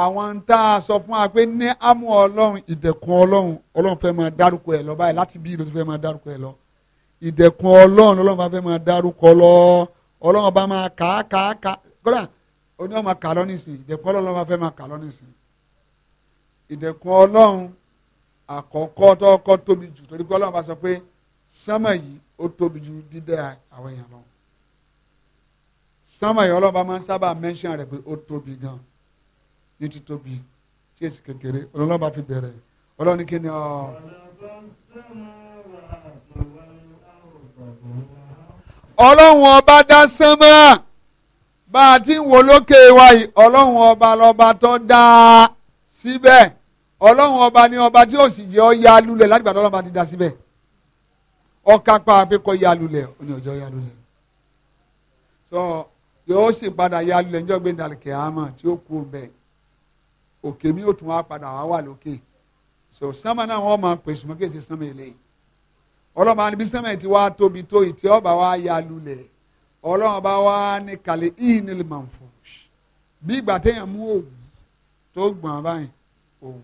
àwọn tá a sọ fún wa pé ní àmú ọlọ́run ìdẹ̀kùn ọlọ́run ọlọ́run fẹ́ máa dárúkọ ẹ̀ lọ báyìí láti bí ló ti fẹ́ máa dárúkọ ẹ̀ lọ ìdẹ̀kùn ọlọ́run ọlọ́run bá fẹ́ máa dárúkọ lọ ọlọ́run bá máa kà á kà á kà kódà oní ọmọ kà lọ nísìn ìdẹ̀kùn ọlọ́run bá fẹ́ máa kà lọ nísìn ìdẹ̀kùn ọlọ́run àkọ́kọ́ tó tóbi jù torí pé ọlọ́run bá sọ pé sánmà yìí ó tóbi ju dídá àwọn èèyàn lọ sánmà yìí ọlọ́ba máa ń sábà mẹ́ńṣán rẹ̀ pé ó tóbi gan ní títóbi tí èsì kékeré ọlọ́ba fi bẹ̀rẹ̀ ọlọ́ni kí ni ọ. ọlọ́run ọba dá sánmà bá a ti ń wo lókè wa yìí ọlọ́run ọba lọ́ba tó dá síbẹ̀ ọlọ́run ọba ni ọba tí ó sì jẹ́ ọ ya lulẹ̀ látìgbà tó ọlọ́ba ti dá síbẹ̀. Si ọ̀kápá pé kọ́ yálulẹ̀ ó ní ọjọ́ yálulẹ̀ sọ yóò sì padà yálulẹ̀ níjọ́ gbé dàlùkẹ́ àmọ́ tí ó kú bẹ́ẹ̀ òkè mi ó tún wá padà wá wà lókè so sánmà náà wọ́n máa pèsè mọ́ kéèsì sánmà eléyìí ọlọ́mọ àti bí sánmà ti wá tóbi tó ìtì ọba wá yálulẹ̀ ọlọ́run bá wá ní kàlẹ́ ìyìn nílùú màá fò bí ìgbà téèyàn mú òwú tó gbọ̀n báyìí òwú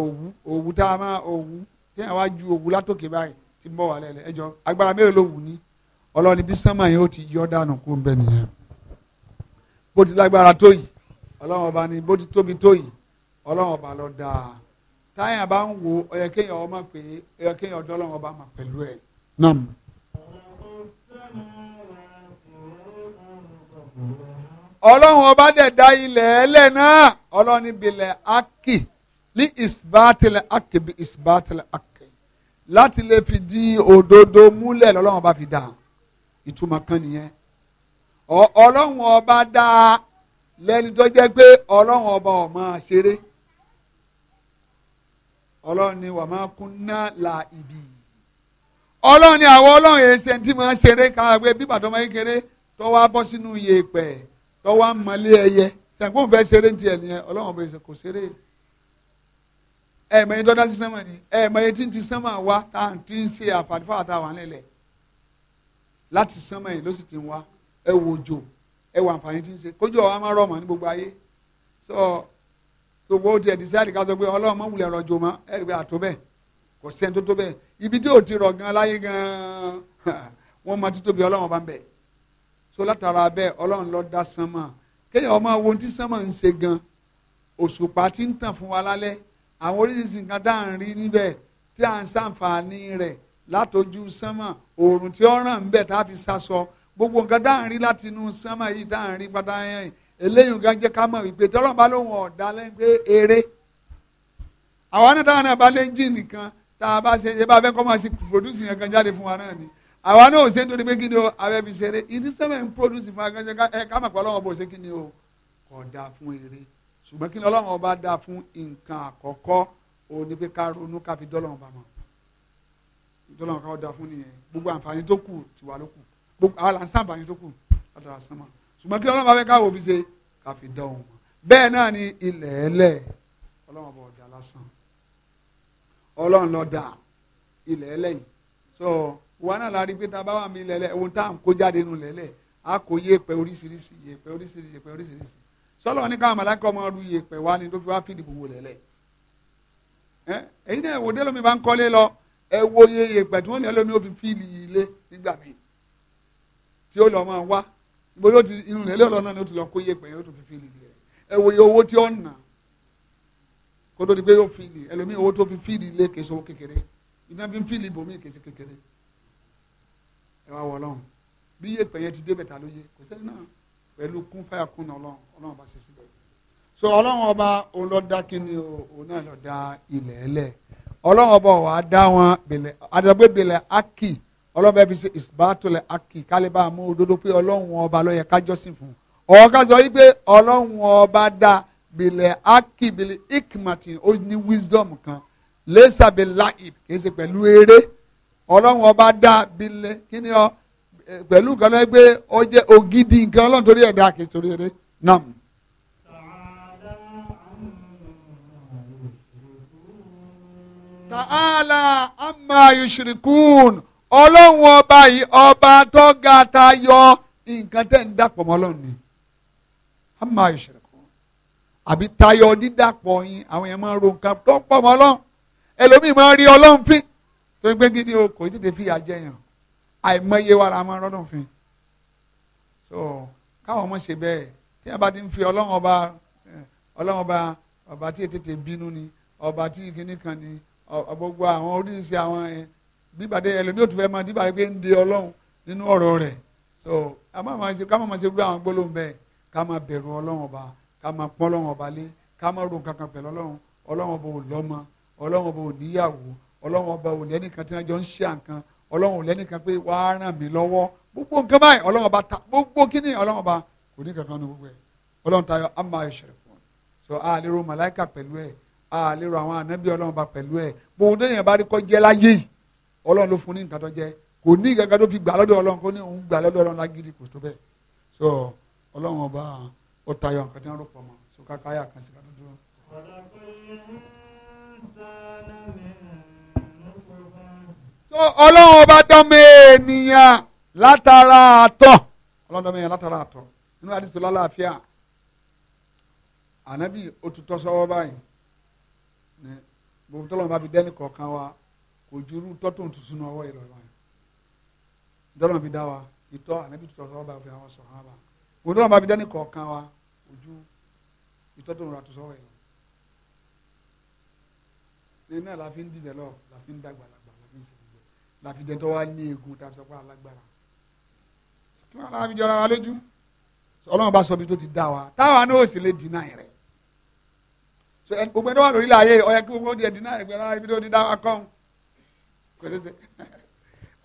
òwú òwú tá a máa òwú téèyàn wá ju òwú látòkè báyìí ti bọ̀ wà lẹ́lẹ̀ ẹjọ́ agbára mélòó ló wù ni ọlọ́run níbi sánmà yẹn ó ti yọ dànù kó ń bẹ bó ti lágbára tó yìí ọlọ́run ọba ni bó ti tóbi tó yìí ọlọ́run ọba ló dáa táyà bá ń wo ó yẹ kéèyàn ọmọ pé ó yẹ kéèyàn ọdọ́ ọlọ́run ọba mà pẹ̀lú ẹ̀ náà. ọlọ́run ọba dẹ̀ dá náà ọlọ́run níbi ilẹ̀ aki ní isbatilẹ̀ aki bi isbatilẹ̀ aki láti lè fi di òdodo múlẹ̀ lọ́lọ́run ọba fi dá ìtumọ̀ kan nìyẹn ọlọ́run ọba dá lẹ́ni tó jẹ́ pé ọlọ́run ọba ò máa ṣeré ọlọ́run ni wàá máa kún ná la ibi ọlọ́run ni àwọn ọlọ́run yẹn ṣe ti máa ṣeré káwọn pé bí bàtọ́ máa ń kéré tó wá bọ́ sínú iye pẹ̀ tó wá mọ́lé ẹyẹ sẹ́ńkóhùn fẹ́ ṣeré ń tiẹ̀ nìyẹn ọlọ́run ọba kò ṣeré yìí ẹ̀ẹ̀mọ̀ yẹn tọ́da sí sánmà ni ẹ̀ẹ̀mọ̀ yẹn tí ń ti sánmà wá tá à ń ti ń ṣe àfàdífà àtàwọn àlẹ́lẹ̀ láti sánmà yẹn ló sì ti ń wá ẹ wò jò ẹ wò àǹfààní tí ń ṣe kójú ọ̀ wá máa rọ̀ ní gbogbo ayé sọ gbogbo ó tiẹ̀ dísáìdì ká sọ pé ọlọ́run mọ̀ wulẹ̀ rọ̀jò mọ́ ẹ rí i àtó bẹ́ẹ̀ kò sẹ́ni tó tó bẹ́ẹ̀ ibi tí ò ti rọ̀ gan láyé gan wọ́n mọ títóbi ọlọ́run bá ń bẹ̀ so látara bẹ́ẹ̀ ọlọ́run ló dá sánmà kéèyàn ọmọ wo ti sánmà ń ṣe gan òṣùpá ti ń tàn fún wa lálẹ́ àwọn oríṣiríṣi nǹkan tá à ń rí níbẹ̀ tí à ń ṣàǹfààní rẹ̀ látojú sánmà oòrùn tí ó ràn ń tá a fi sásọ gbogbo nǹkan tá à ń rí láti inú sánmà yìí tá à ń rí padà yẹn eléyìí nǹkan jẹ́ ká mọ̀ wípé tọ́lọ́mù bá lóun ọ̀dà lẹ́yìn pé eré àwọn náà táwọn náà bá lé jìn nìkan tá a bá ṣe ṣe bá fẹ́ kọ́ máa ṣe pòdúsì yẹn kan jáde fún wa náà ni àwa náà ò ṣe nítorí pé kí ni o abẹ́ fi ṣeré ìdí sẹ́mẹ̀ ń pòdúsì fún wa ká mọ̀ pé ọlọ́wọ́ bò ṣe kí ni o ọ̀dà fún eré ṣùgbọ́n kí ni ọlọ́run ọba dá fún nǹkan àkọ́kọ́ òun ni pé ká ronú ká fi dọ́lọ́run ọba mọ̀ dọ́lọ́run ká dá fún nìyẹn gbogbo àǹfààní tó kù ti wà ló kù gbogbo àwọn àǹsá àǹfààní tó kù látara sánmà ṣùgbọ́n kí ni ọlọ́run ọba fẹ́ ká wò bí ṣe ká fi dán òun mọ̀ bẹ́ẹ̀ náà ni ilẹ̀ ẹlẹ̀ ọlọ́run ọba ọ̀dà lásán ọlọ́run ló ilẹ̀ ẹlẹ̀ yìí so wa náà la rí pé tá a bá wà mí ilẹ̀ ẹlẹ̀ ohun tá à ń kó jáde nù lẹ́lẹ̀ á kó yé pẹ́ oríṣiríṣi yé pẹ́ oríṣiríṣi yé pẹ́ oríṣiríṣi sọlọ ní káwọn màláíkà ọmọ ọdún yìí pẹ̀ wá ni tó fi wá fìdí gbogbo lẹ̀lẹ̀ ẹ èyí náà èwo délómi bá ń kọ́lé lọ ẹ wo iye ìyèpẹ̀ ní ẹlòmí ó fi fìdí ilé nígbà míì tí ó lọ máa wá ibo ló ti irun lẹ́lẹ́ ọ̀lọ́ náà ni ó ti lọ kó iye pẹ̀ yẹn ó tún fi fìdí ilé ẹ wo iye owó tí ó nà kó tó di pé yóò fìdí ẹlòmí owó tó fi fìdí ilé kèso kékeré iná fi ń fìdí ibòmíì kèso kékeré ẹ wá wọ ọlọ́run bí iye pẹ̀ yẹn pẹ̀lú kún fáyà kún náà ọlọ́run ọlọ́run bá ṣe síbẹ̀. so ọlọ́run ọba òun lọ dá kí ni òun náà lọ dá ilẹ̀ ẹlẹ̀ ọlọ́run ọba wà á wọn bẹ̀lẹ̀ àdàgbé bẹ̀lẹ̀ aki ọlọ́run bẹ́ẹ̀ fi ṣe ìsìbátòlẹ̀ aki kálíbà mú òdodo pé ọlọ́run ọba ló yẹ ká jọ́sìn fún ọ̀hún ká sọ wípé ọlọ́run ọba dá bẹ̀lẹ̀ aki bẹ̀lẹ̀ ikmati ó ní wisdom kan lẹ́sàbẹ̀ láì kì í ṣe pẹ̀lú eré ọlọ́run ọba dá bẹ̀lẹ̀ kí ọ́ pẹ̀lú nǹkan náà pé ó jẹ́ ògidì nǹkan ọlọ́run torí ẹ̀dá kìí torí ẹ̀dá náà. ta'ala amma yushrikun ọlọ́run ọba yìí ọba tó ga ta yọ nǹkan tẹ̀ ń dàpọ̀ mọ́ ọlọ́run ni amma yushrikun àbí tayọ dídàpọ̀ yín àwọn yẹn máa ń ro nǹkan tó pọ̀ mọ́ ọlọ́run ẹlòmíì máa rí ọlọ́run fín torí pé gidi o kò tètè fi àjẹyàn àìmọye wa la máa rọ́dùn fún so káwọn ọmọ ṣe bẹ́ẹ̀ tí a bá ti ń fi ọlọ́run ọba ọlọ́run ọba ọba tí ètètè bínú ni ọba tí kìíní kan ni gbogbo àwọn oríṣiríṣi àwọn bíbàdé ẹlòmíràn tó fẹ́ máa díbàdé pé ń de ọlọ́run nínú ọ̀rọ̀ rẹ̀ so ká má máa ṣe gbúdọ̀ àwọn gbólóhùn bẹ́ẹ̀ ká máa bẹ̀rù ọlọ́run ọba ká máa pọ́n ọlọ́run ọba lé ká máa ro nǹkan kan pẹ̀lú ọlọ́run ọlọ́run ọba ò lọ́mọ ọlọ́run ọba ò níyàwó ọlọ́run ọba ò lẹ́nìkan tí wọ́n jọ ń ṣe àǹkan ọlọ́run lẹ́nìkan pé wàá ràn mí lọ́wọ́ gbogbo nǹkan báyìí ọlọ́run ọba ta gbogbo kíní ọlọ́run ọba kò ní kankan ní gbogbo ẹ̀ ọlọ́run tayọ ama ẹ̀ṣẹ̀rẹ̀ fún ọ so a lè ro màláìka pẹ̀lú ẹ̀ a lè ro àwọn ànábì ọlọ́run ọba pẹ̀lú ẹ̀ gbogbo tó yẹn bá rí kọ́ jẹ́ láyé yìí ọlọ́run ló fún ní nǹkan tó jẹ́ kò ní kankan tó fi gbà lọ́dọ̀ ọlọ́run kó ní òun gbà lọ́dọ̀ ọlọ́run lágídí kò tó bẹ́ẹ̀ so ọlọ́run ọba ó tayọ nǹkan so kákáyà kan sí ọlọ́run ọba dánmọ ènìyàn látara àtọ̀ ọlọ́run dánmọ ènìyàn látara àtọ̀ nínú àdìsí lọ́láàfíà ànábì òtútọ́ sọ́wọ́ báyìí ní gbogbo tọ́lọ́run bá fi dẹ́ni kọ̀ọ̀kan wa kò jurú tọ́tún tuntun náà wọ́ ìrọ̀lẹ́ báyìí tọ́lọ́run fi dá wa ìtọ́ ànábì òtútọ́ sọ́wọ́ báyìí fi àwọn sọ̀rọ̀ wa gbogbo tọ́lọ́run bá fi dẹ́ni kọ̀ọ̀kan wa ojú ìtọ́tò ìrọ̀ àtúnṣọ́wọ́ ìrọ̀ nínú ẹ̀ la fi ń dìbẹ̀ lọ la fi ń dàgbà lọ láfijẹ́ tó wá ní egun tàbí sọ́kọ́ alágbára kí wọ́n láfi jọra wa lójú ọlọ́run bá sọ bí tó ti dá wa táwa náà ò sì lè dínà rẹ̀ so gbogbo ẹni tó wà lórí ilẹ̀ ayé ọ̀yẹ́ kí gbogbo ó di ẹ̀dínà rẹ̀ gbẹ̀rẹ̀ ah, ibi tó ti dá wa kọ́ kò ṣeé ṣe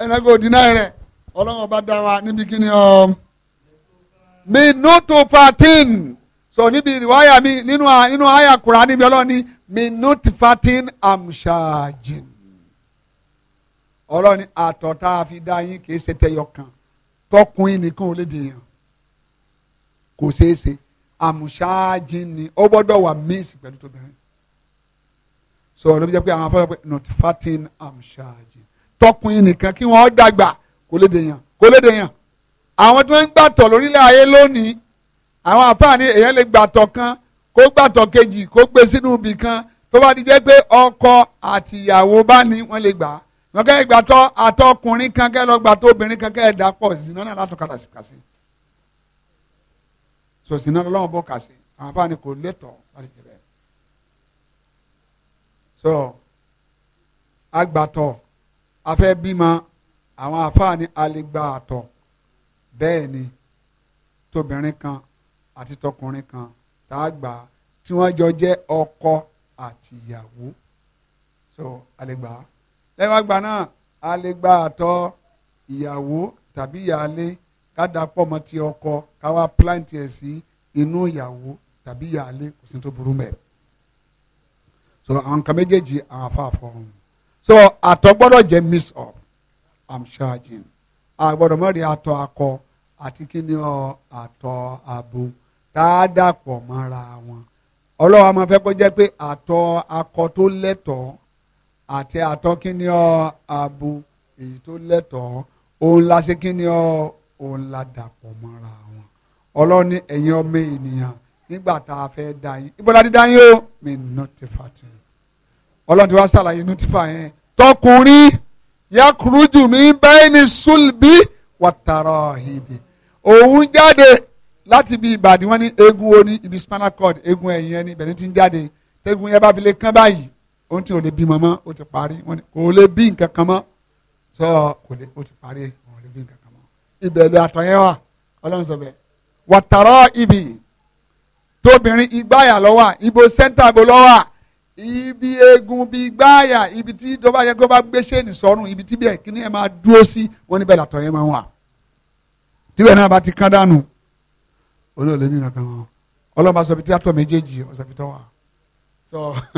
ẹni kò dínà rẹ̀ ọlọ́run ọba dá wa níbi kí ni ọ. Um, mi nùtù patin so níbi ìwáyà mi nínú àyà kura níbi ọlọ́run ni mi nùtù patin amṣàjìn ọlọ́ni àtọ̀ tá a fi dá yín kì í ṣe tẹyọ kan tọkùnrin nìkan ò lè dèèyàn kò ṣeé ṣe àmùṣáájì ni ó gbọ́dọ̀ wà míìsì pẹ̀lú tóbìnrin sọ ọ̀rọ̀ bí jẹ́ pé àwọn afọ́jọ́ pé not fatin àmùṣáájì tọkùnrin nìkan kí wọ́n dàgbà kò lè dèèyàn kò lè dèèyàn àwọn tó ń gbàtọ̀ lórílẹ̀ ayé lónìí àwọn àpáàní èèyàn lè gbàtọ̀ kan kó gbàtọ̀ kejì kó gbé sínú ibì kan tó bá ti jẹ́ pé ọkọ àtìyàwó bá ní wọ́n lè gbà lọ́kẹ́ ìgbàtọ́ àtọkùnrin kan kẹ́ lọ́gbàtọ́ obìnrin kan kẹ́ ẹ̀dá pọ̀ zina náà látọ̀ kàdà sí kàsí so zina lọ́wọ́ bọ́ kàsí àwọn afáàní kò lẹ́tọ̀ láti jẹ bẹ́ẹ̀ so agbàtọ̀ afẹ́ bímọ àwọn afáàní alẹ́gbàtọ̀ bẹ́ẹ̀ ni tóbìnrin kan àti tọkùnrin kan tá a gbà tí wọ́n jọ jẹ́ ọkọ àtìyàwó so alẹ́gbàá lẹ́yìn wá gbà náà a lè gba àtọ̀ ìyàwó tàbí ìyáálé ká da pọ̀ mọ́ ti ọkọ ká wá plant ẹ̀ sí inú ìyàwó tàbí ìyáálé kò sí tó burú mẹ́. so àwọn kan méjèèjì àwọn afáàfọ ọ̀hún so àtọ̀ gbọ́dọ̀ jẹ́ mix up i'm charging àgbọ́dọ̀ mọ́rin àtọ̀ akọ àti kí ni ọ àtọ̀ abo tá a dàpọ̀ mọ́ra wọn ọlọ́wọ́ a máa fẹ́ kó jẹ́ pé àtọ̀ akọ tó lẹ́tọ̀ọ́ àti àtọ́kíní ọ abo èyí tó lẹ́tọ̀ọ́ òun la ṣe kíní ọ òun la dàpọ̀ mọ́ra wọn ọlọ́ni ẹ̀yin ọmọ ènìyàn nígbà tá a fẹ́ dá yín ìbọ̀dá dídá yín o mi nọ́tìfà tì í ọlọ́run ti wá ṣàlàyé nọ́tìfà yẹn tọkùnrin yakurujú mi bẹ́ẹ̀ ni sulbi wàtàrọ̀ ìbí òun jáde láti ibi ìbàdí wọn ní eegun oní ibi spinal cord eegun ẹ̀yìn ẹni ibẹ̀ ni ti ń jáde tẹ́gun yẹn bá fi lè kán báyìí ohun tí o lè bímọ mọ́ o ti parí kò lè bí nǹkan kan mọ́ sọ kò lè o ti parí kò lè bí nǹkan kan mọ́ ibẹ̀ àtọ̀yẹ́ wa ọlọ́run sọ bẹ́ẹ̀ wàtàrọ́ ibì tóbìnrin igbáyà lọ́wọ́ ibo sẹ́ńtà bo lọ́wọ́ ibi eegun bí igbáyà ibi tí tó bá yẹ kó bá gbé ṣéènì sọ́rùn ibi tí bẹ́ẹ̀ kí ni ẹ máa dúró sí wọ́n níbẹ̀ làtọ̀yẹ́ máa wà tíwẹ̀ náà bá ti kán dànù olóòlè mi nǹkan kan ọlọ́run bá sọ ibi tí wa sọ.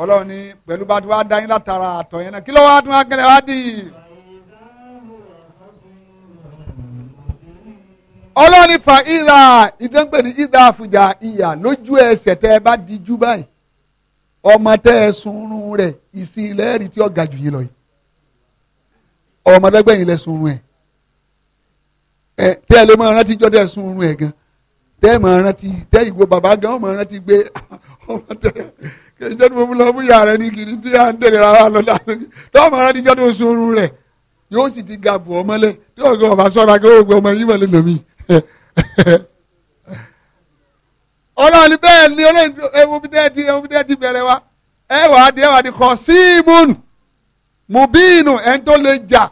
ọlọ́run ní pẹ̀lú bá ti wá dá yín látara àtọ̀ yẹn náà kí ló wá tún wá wá dì í. ọlọ́run ní fa ìdá ìdánpẹ̀ ní ìdá àfùjà ìyà lójú ẹsẹ̀ tẹ́ ẹ bá dijú báyìí ọmọ tẹ́ ẹ sunrun rẹ̀ ìsìn ilẹ̀ rí tí ó ga jù yín lọ yìí ọmọ dẹ́gbẹ̀yìn lẹ sunrun ẹ̀ tẹ́ ẹ lè máa rántí jọ́ sunrun ẹ̀ gan tẹ́ ẹ máa rántí tẹ́ ìgò bàbá gan ọmọ rántí gbé ọmọ kì í jẹ́ tó lọ fún ìyá rẹ ní kiri tí à ń tẹ̀lé rárá lọ dáadọ́ tó ọmọ rẹ níjọ́ tó sunrun rẹ̀ yóò sì ti ga bù ọmọ lẹ̀ tí ọ̀gá ọba sọ́ra kí ó gbé ọmọ yìí wọlé lómi. ọlọ́ọ̀ni bẹ́ẹ̀ ni ewúbídẹ́ẹ̀tì ewúbídẹ́ẹ̀tì bẹ̀rẹ̀ wa ẹ wà á di ẹ wà á di kọ́ lè jà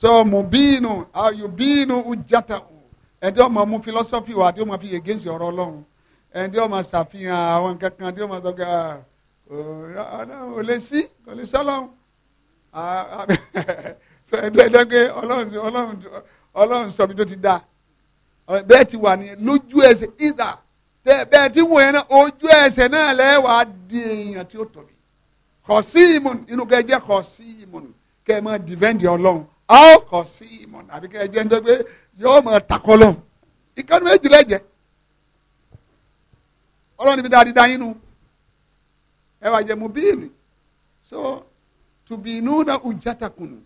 sọ mùbíìnù ayùbíìnù ujata ẹni tó mọ̀ mú philosophy wa àti ó fi yege sí ọ̀rọ̀ ẹni tí ó máa ṣàfihàn àwọn nǹkan kan tí ó máa sọ pé ò lè sí kò lè sọ́lọ́hún ẹ̀dọ́ pé ọlọ́run sọ mi tó ti da bẹ́ẹ̀ ti wà ní lójú ẹsẹ̀ ìdá bẹ́ẹ̀ ti wọ̀ yẹn náà ojú ẹsẹ̀ náà lẹ́wàá di èèyàn tí ó tóbi kọ̀ sí ìmùn inú kẹ́ jẹ́ kọ̀ sí ìmùn kẹ́ ẹ máa dìvẹ́ǹdì ọlọ́run ọ̀ kọ̀ sí ìmùn àbí kẹ́ ẹ jẹ́ ń dọ́ pé yóò máa takọ́ lọ́hùn ìkànnì méjì lẹ́jẹ̀ẹ́ ọlọ́run níbi dáadé dáyín nu ẹ wà jẹ mu bíìlì so tùbínú na ùjátakùnù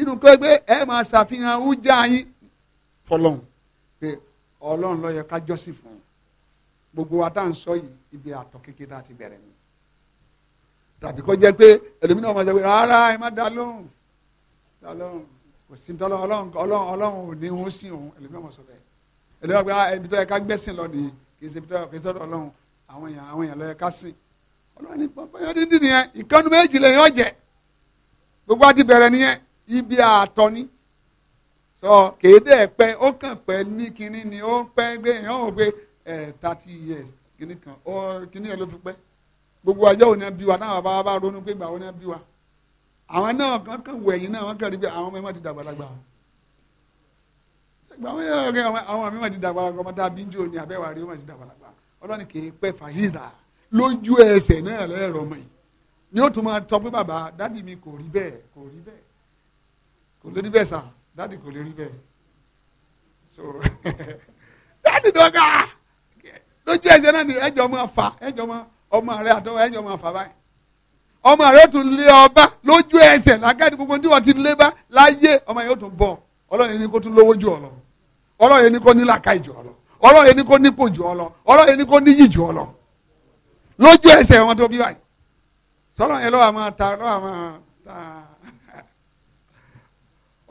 inú pé pé ẹ máa ṣàfihàn ùjá yín fọlọ́n pé ọlọ́run ló yẹ ká jọ́sìn fún un gbogbo wa tá à ń sọ yìí ibi àtọ̀ kékeré láti bẹ̀rẹ̀ ni tàbí kó jẹ́ pé ẹlòmíràn ọmọ ṣẹ́gun rárá ẹ má dá lóhùn dá lóhùn kò sí tọ́lọ́ ọlọ́run ọlọ́run ò ní hún sí òun ẹlòmíràn ọmọ sọ bẹ́ẹ̀ ẹlòmíràn ọmọ ah, ẹbí tó yẹ ká gbẹ́sìn lọ nìyí kì í ṣe pété kì í sọ̀rọ̀ ọlọ́run àwọn èèyàn àwọn èèyàn lọ́yẹ ká sìn ọlọ́run ní bọ́yá dídì nìyẹn ìkànnì méjì lè yàn jẹ gbogbo àti bẹ̀rẹ̀ nìyẹn ibi àtọ ni sọ kéde ẹ̀pẹ́ ó kàn pẹ́ ní kinní ni ó pẹ́ gbé èèyàn ò gbé ẹ̀ thirty years kinní kan ó kinní yẹn ló fi pẹ́ gbogbo ajá òní bí wa náà bá bá ronú pé gbà òní bí wa àwọn náà kankan wẹ̀yìn náà wọ́n kàn rí àwọn ọmọ ẹ̀ má ti dàgbàlagbà wọn gbàmọ́ yẹn lọ́kẹ́ àwọn àmì máa ti dàgbà lagbà ọmọ tàbí jò ní máa ti dàgbà lagbà ọlọ́ni kì í pẹ́ fàyídà lójú ẹsẹ̀ náà lẹ́rọ mọ́ yìí ni ó tún máa tọ́ pé bàbá dádì mi kò rí bẹ́ẹ̀ kò rí bẹ́ẹ̀ kò lè rí bẹ́ẹ̀ sà dádì kò lè rí bẹ́ẹ̀ so dádì dọ́gà lójú ẹsẹ̀ náà ni ẹjọ́ máa fa ẹjọ́ máa ọmọ rẹ àtọwọ́ ẹjọ́ máa fa báyìí ọmọ rẹ ó tún lé ọba lójú ẹsẹ̀ làgádì gbogbo tí wọ́n ti lé bá láyé ọmọ yẹn ó tún bọ̀ ọlọ́run ẹni kó tún lówó ju ọ̀lọ́ ọlọ́run yẹn ni kò ní làkà ìjọ ọlọ ọlọ́run yẹn ni kò nípò jù ọ lọ ọlọ́run yẹn ni kò níyì jù ọ lọ lójú ẹsẹ̀ wọn tó bí báyìí sọlọ́run yẹn lọ́wọ́ àmọ́ ta lọ́wọ́ àmọ́ ta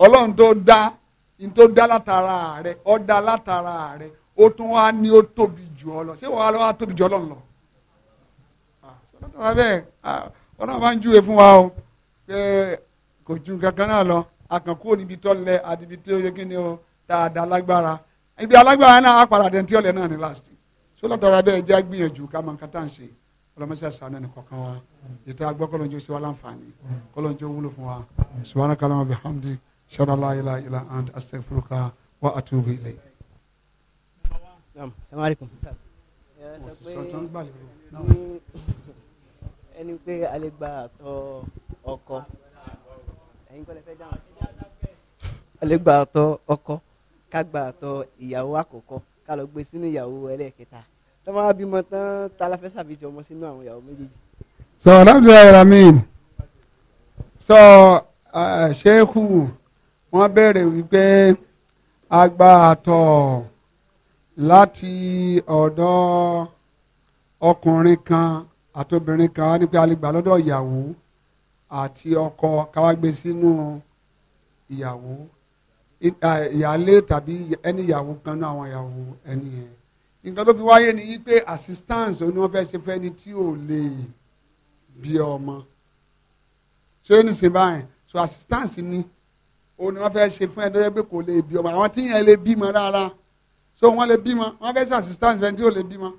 ọlọ́run tó dá tó dá látara rẹ ó dá látara rẹ ó tún wá ní ó tóbi jù ọ lọ ṣé wàá lọ́wọ́ á tóbi jù ọlọ́run lọ ah, sọlọ́tara bẹ́ẹ̀ ah, ọlọ́run bá ń júwe fún wa o pé kò ju kankan náà lọ àkànkù òníbi tọ́ àdìbí tó yẹ kí ni o dáadáa lágbára ibi alágbára náà á padà dẹ̀ tí ọ̀lẹ́ náà ní last so látara bẹ́ẹ̀ jẹ́ gbìyànjú ká máa ń kátà ń ṣe ọlọmọsí àṣàánú ẹnì kọ̀ọ̀kan wa ètò àgbọ̀ kọlọ́njọ sí wa láǹfààní kọlọ́njọ wúlò fún wa subhanaka wa bihamdi shada la ilaha illa anta astaghfiruka wa atubu ilayk. Assalamu alaikum. ẹni pé a gba àtọ̀ ọkọ ẹ̀yin kọ́lẹ̀ dáhùn a gba àtọ̀ ọkọ ká gba ìyàwó àkọ́kọ́ ká lọ gbé sínú ìyàwó ẹlẹ́ẹ̀kẹta tó máa bímọ tán tá la fẹ́ sàfihàn ọmọ sínú àwọn ìyàwó méjèèjì. so alhamdulilayi ramin so ṣéèkù wọn béèrè wípé a gba àtọ̀ láti ọ̀dọ̀ ọkùnrin kan àtobìnrin kan ní pé a lè gbà lọ́dọ̀ ìyàwó àti ọkọ káwá gbé sínú ìyàwó. Uh, ìyáálé tàbí ẹni ìyàwó kan náà àwọn ìyàwó ẹni yẹn nǹkan tó fi wáyé ni wípé assistance oní wọn fẹ́ ṣe fẹ́ni tí ò lè bí ọmọ ṣé ó ní sìn báyìí so assistance ni òun ni wọ́n fẹ́ ṣe fún ẹ lóye pé kò lè bí ọmọ àwọn tí yẹn lè bímọ rárá so wọ́n lè bímọ wọ́n fẹ́ ṣe assistance fẹ́ni tí ò lè bímọ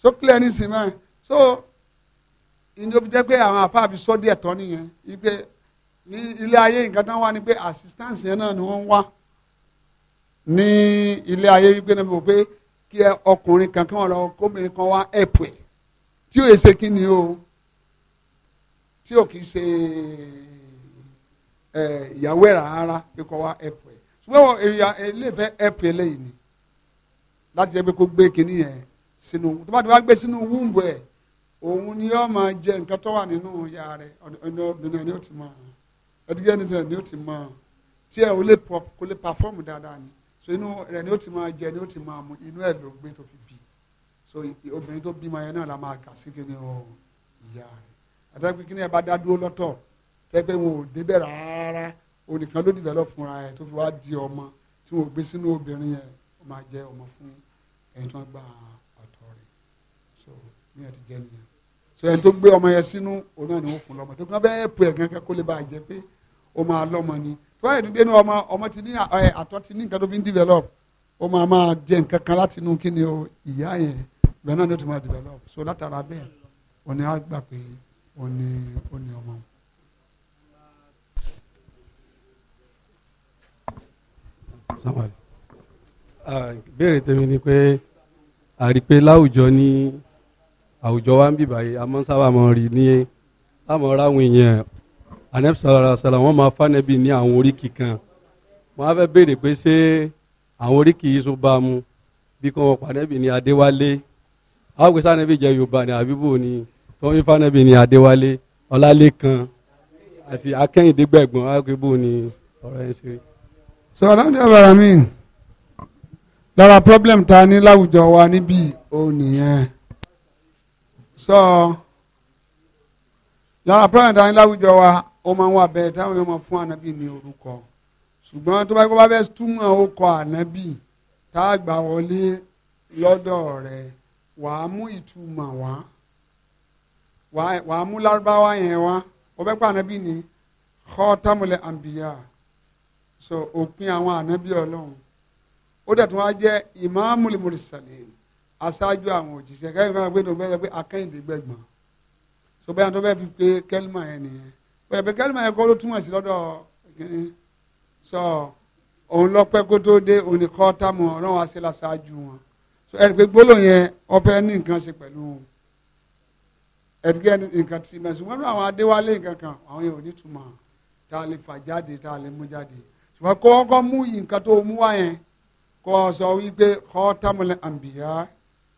so clear ní sìn báyìí so ìjọba jẹ́ pé àwọn àfáà fi sọ́ tán nìyẹn wípé ní ilé ayé nǹkan tán wá ni pé assistance yẹn náà ni wọ́n ń wá ní ilé ayé yìí gbé náà bò pé kí ọkùnrin kan kí wọ́n lọ kóbìnrin kan wá ẹ̀pù ẹ̀ tí ò ṣe kí ni o tí ò kì í ṣe ìyàwó ẹ̀ rárá pé kọ́ wá ẹ̀pù ẹ̀ ṣùgbọ́n ilé ìfẹ́ ẹ̀pù ẹ̀ ni láti jẹ́ pé kó gbé kinní yẹn sínú tó bá ti wá gbé sínú wúńbù ẹ̀ òun ni yóò máa jẹ nǹkan tó wà nínú yàrá rẹ̀ ọ̀nà obìnrin ni ó ti máa ẹtìjẹ́ ní sẹ́yìn ni ó ti mọ tí ẹ kò lè pàfọ́ọ̀mù dáadáa ni so inú rẹ̀ ni ó ti máa jẹ ni ó ti máa mu inú ẹ̀ ló gbé tó fi bì so obìnrin tó bímọ yẹn náà la máa kà sí kíni o ìyá rẹ̀ àtàkùn kíni ẹ bá dá dúró lọ́tọ̀ tẹ́gbẹ́ wọn ò débẹ̀ rárá onìkan ló develop fúnra ẹ̀ tó fi wá di ọmọ tí wọn ò gbé sínú obìnrin yẹn ó máa jẹ ọmọ fún ẹni tó ń gba ọ̀tọ̀ rẹ̀ so ní ẹ ti jẹ nìyẹn so ẹni tó gbé ọmọ yẹn sínú òun náà ni wọn fún lọ́mọ tó kí wọn bẹ́ẹ̀ pè ó máa lọ́mọ ni tó báyìí dídé ní ọmọ ọmọ ti ní àtọ̀ ti ní nǹkan tó fi ń develop o máa máa jẹ nǹkan kan láti inú kí ni o ìyá yẹn bẹ́ẹ̀ náà ló ti máa develop so látara bẹ́ẹ̀ òní á gbà pé òní òní ọmọ. ìbéèrè tèmi ni pé àrí pé láwùjọ ní àwùjọ wa ń bì báyìí a máa ń rí ní àmọ́ ráwọn èèyàn anabi sọlá sọlá wọn máa fánẹbi ní àwọn oríkì kan wọn á fẹ́ béèrè pé ṣé àwọn oríkì yìí tún bá a mu bí kò wọn pànẹbi ní adéwálé àwọn gbèsè anabi jẹ yorùbá ní àbíbò ní tó ń fánẹbi ní adéwálé ọlálékan àti akẹ́yìndé gbẹ̀gbọ́n àgbébò ní ọ̀rọ̀ ẹ̀ ṣe. sọ aláǹdí abara mi lára problem ta ní láwùjọ wa níbí ò nìyẹn sọ lára problem ta ní láwùjọ wa ó máa ń wà bẹ́ẹ̀ táwọn yóò máa fún ànábì ní orúkọ ṣùgbọ́n tó bá kó bá fẹ́ túmọ̀ orúkọ ànábì tá a gbà wọlé lọ́dọ̀ rẹ̀ wàá mú ìtumọ̀ wá wàá mú lárúbáwá yẹn wá ó fẹ́ pa ànábì ní khatamul anbiya so òpin àwọn ànábì ọlọ́run ó dẹ̀ tún wá jẹ́ imamul mursalin aṣáájú àwọn òjíṣẹ́ kẹ́hìn fún wa pé tó fẹ́ pé akẹ́yìndé gbẹ̀gbọ́n so bẹ́ẹ̀ tó fẹ́ fi pé kẹ́límà yẹn nìyẹn pẹ̀lẹ́pẹ̀ kálímà yẹn kọ́ ló túmọ̀ sí lọ́dọ̀ kínní sọ òun lọ́pẹ́ kó tó dé òun ni kọ́ támù ọlọ́run á ṣe la ṣáájú wọn sọ ẹ̀rí pé gbólóhùn yẹn ọpẹ́ ní nǹkan ṣe pẹ̀lú ẹ̀dígẹ́ nǹkan ti mẹ̀ ṣùgbọ́n ní àwọn adéwálé nǹkan kan àwọn yẹn ní túmọ̀ tá a lè fà jáde tá a lè mú jáde ṣùgbọ́n kó kọ́ mú nǹkan tó mú wá yẹn kọ́ sọ wípé kọ́ támù lẹ́ àǹbìyá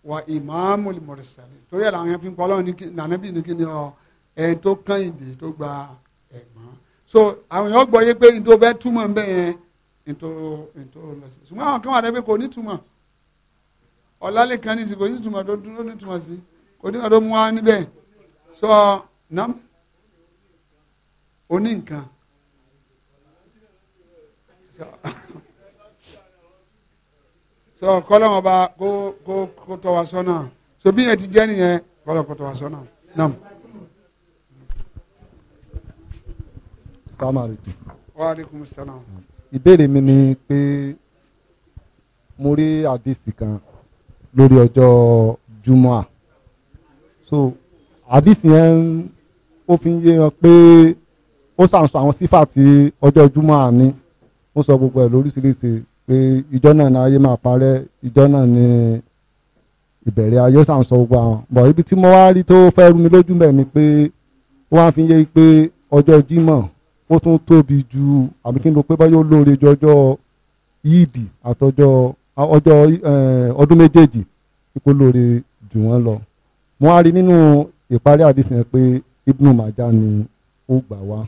wa ìmáàmù mọ̀rẹ́sẹ̀lẹ̀ torí ẹ̀ làwọn yẹn fi ń kọ́ ọlọ́run nànẹ́bì ní kí ni ọ ẹ̀ tó kàn ìdè tó gba so àwọn èèyàn gbọ́ yé pé ní tó fẹ́ túmọ̀ ń bẹ̀ yẹn ní tó ní tó lọ sí ṣùgbọ́n àwọn kan wà lẹ́gbẹ̀ẹ́ kò ní túmọ̀ ọ̀làlẹ̀ kan ní sí kò ní túmọ̀ tó dúró ní túmọ̀ sí kò ní ọdún mú wa níbẹ̀ sọ nam oní nǹkan sọ kọ́lọ́mọ̀ bá kó kó tọ́ wa sọ́nà so bí yẹn ti jẹ́ nìyẹn kọ́lọ́ kó tọ́ wa sọ́nà nam. salamu alaykum. wa aleykum salaam. ìbéèrè mi ni pé mo rí àdìsí kan lórí ọjọ́ jumua so àdìsí yẹn ó fi ń yé wọn pé ó ṣàǹsọ àwọn sífà tí ọjọ́ jumua ní ó sọ gbogbo ẹ̀ lóríṣiríṣi pé ìjọ náà ni ayé máa parẹ́ ìjọ náà ni ìbẹ̀rẹ̀ ayé ṣàǹsọ gbogbo àwọn bọ̀ ibi tí mo wá rí tó fẹ́ rú lójú mẹ́ pé wọ́n á fi yé pé ọjọ́ jímọ̀ ó tún tóbi ju àbí kí n lo pé báyọ̀ lóore jọjọ́ yídì àtọjọ́ ọjọ́ eh, ọdún méjèèjì ipò lóore jù wọ́n lọ. mo á rí nínú ìparí àdìsí yẹn pé Ibnu Majah ni ó gbà wá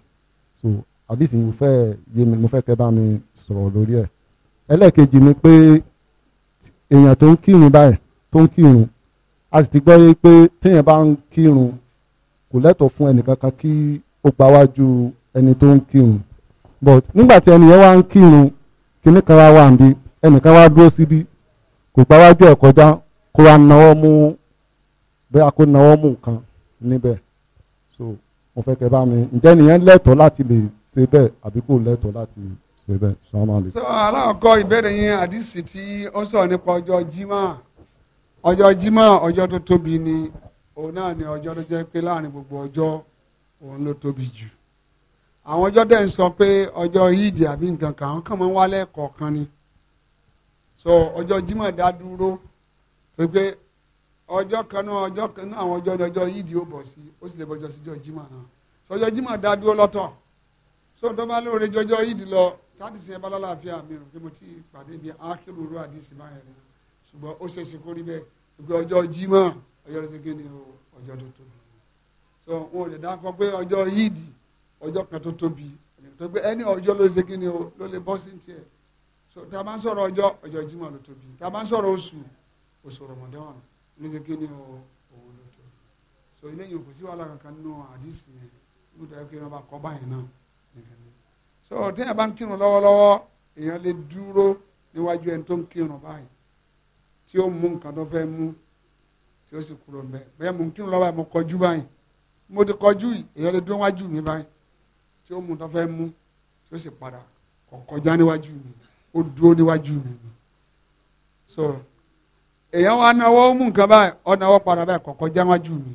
so àdìsí mo fẹ́ yé mi mo fẹ́ kẹ́ bá mi sọ̀rọ̀ lórí ẹ̀. ẹlẹ́ẹ̀kejì ni pé èèyàn tó ń kírun báyìí tó ń kírun a sì ti gbọ́ pé téèyàn bá ń kírun kò lẹ́tọ̀ọ́ fún ẹnìkankan kí ó gbáwájú ẹni tó ń kírun but nígbà tí ẹni wá ń kírun kíní kan wá wà níbi wá dúró síbi kò gba wájú ẹ̀ kọjá kó wá náwó mú bẹ́ẹ̀ náwó mú nǹkan níbẹ̀ so mo fẹ́ kẹ́ bá mi ǹjẹ́ nìyẹn lẹ́tọ̀ọ́ láti lè ṣe bẹ́ẹ̀ àbí kò lẹ́tọ̀ọ́ láti ṣe bẹ́ẹ̀ sọ aláàkọ ìbéèrè yẹn àdìsí tí ó sọ̀rọ̀ nípa ọjọ́ jimá jimá tó tóbi ni òun náà ni ọjọ́ tó àwọn ọjọ́ dẹ̀ ń sọ pé ọjọ́ yídì àbí nǹkan kan àwọn kan kọ̀ọ̀kan ni so ọjọ́ jima dá dúró pé ọjọ́ kan náà ọjọ́ kan náà àwọn ọjọ́ ní ọjọ́ yídì ó bọ̀ sí ó sì lè bọ́jọ́ sí ọjọ́ náà so ọjọ́ dá dúró lọ́tọ̀ lọ táàdì sí ẹ bá lálàáfíà mi ti pàdé rú àdìsí báyẹn ṣùgbọ́n ó ṣe ọjọ́ kan tó tóbi tó gbé ẹni ọjọ́ ló ṣe kíni o ló lè bọ́ sí tiẹ̀ so tá a bá ń sọ̀rọ̀ ọjọ́ ọjọ́ Jímọ̀ ló tóbi tá a bá ń sọ̀rọ̀ oṣù oṣù Ramadan ló ṣe kíni o òun ló tóbi so eléyìí kò sí wàhálà kankan nínú àdìsí yẹn ní ìdájọ́ kí wọ́n bá kọ́ báyìí náà so téèyàn bá ń kírun lọ́wọ́lọ́wọ́ èèyàn lè dúró níwájú ẹni tó ń kírun báyìí tí ó mú nǹkan tó fẹ́ mú tí ó sì kúrò ń bẹ́ẹ̀ bẹ́ẹ̀ mò ń kírun lọ́wọ́ mo kọjú báyìí mo ti kọjú èèyàn lè dúró wájú mi báyìí tí ó mú tó fẹ́ mú tí ó sì padà kọ̀ọ̀kọ̀já níwájú mi ó dúró níwájú mi so èèyàn wa náwó mú nǹkan báyìí ó náwó padà báyìí kọ̀ọ̀kọ̀já níwájú mi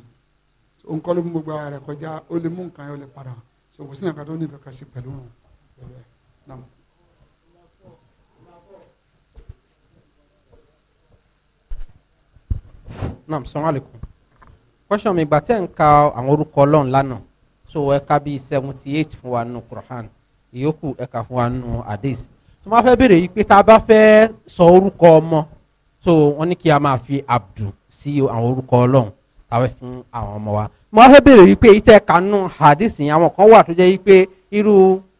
so nǹkan ló mú gbogbo ara rẹ̀ kọjá ó lè mú nǹkan yẹn lè padà so kò sí nǹkan tó ní nǹkan kan ṣe pẹ̀lú wọn pẹ̀lú ẹ̀ náà. naam sọ́n kọ́sọ̀ mi gbà ń ka àwọn orúkọ ọlọ́run lánàá so ẹ̀ka bíi seventy eight fún wa nù Quran ìyókù ẹ̀ka fún wa nù hadith tó máa fẹ́ béèrè yìí pé tá a bá fẹ́ sọ orúkọ ọmọ so wọ́n ní kí a máa fi abdu sí àwọn orúkọ ọlọ́run tàwé fún àwọn ọmọ wa mo máa fẹ́ béèrè yìí pé ìtẹ̀ kanú hadith yẹn àwọn kan wà tó jẹ́ yìí pé irú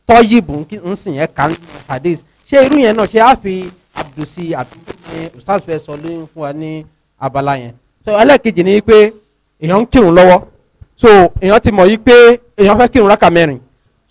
tọ́yìbù ń sìn yẹn kanú hadith ṣé irú yẹn náà ṣe á fi abdu sí abdu ní ustaz fẹ́ sọ lóyún fún wa ní abala yẹn so ẹlẹ́ẹ̀kejì ni pé èèyàn ń kírun lọ́wọ́ so èèyàn ti mọ̀ yí pé èèyàn fẹ́ kírun rákà mẹ́rin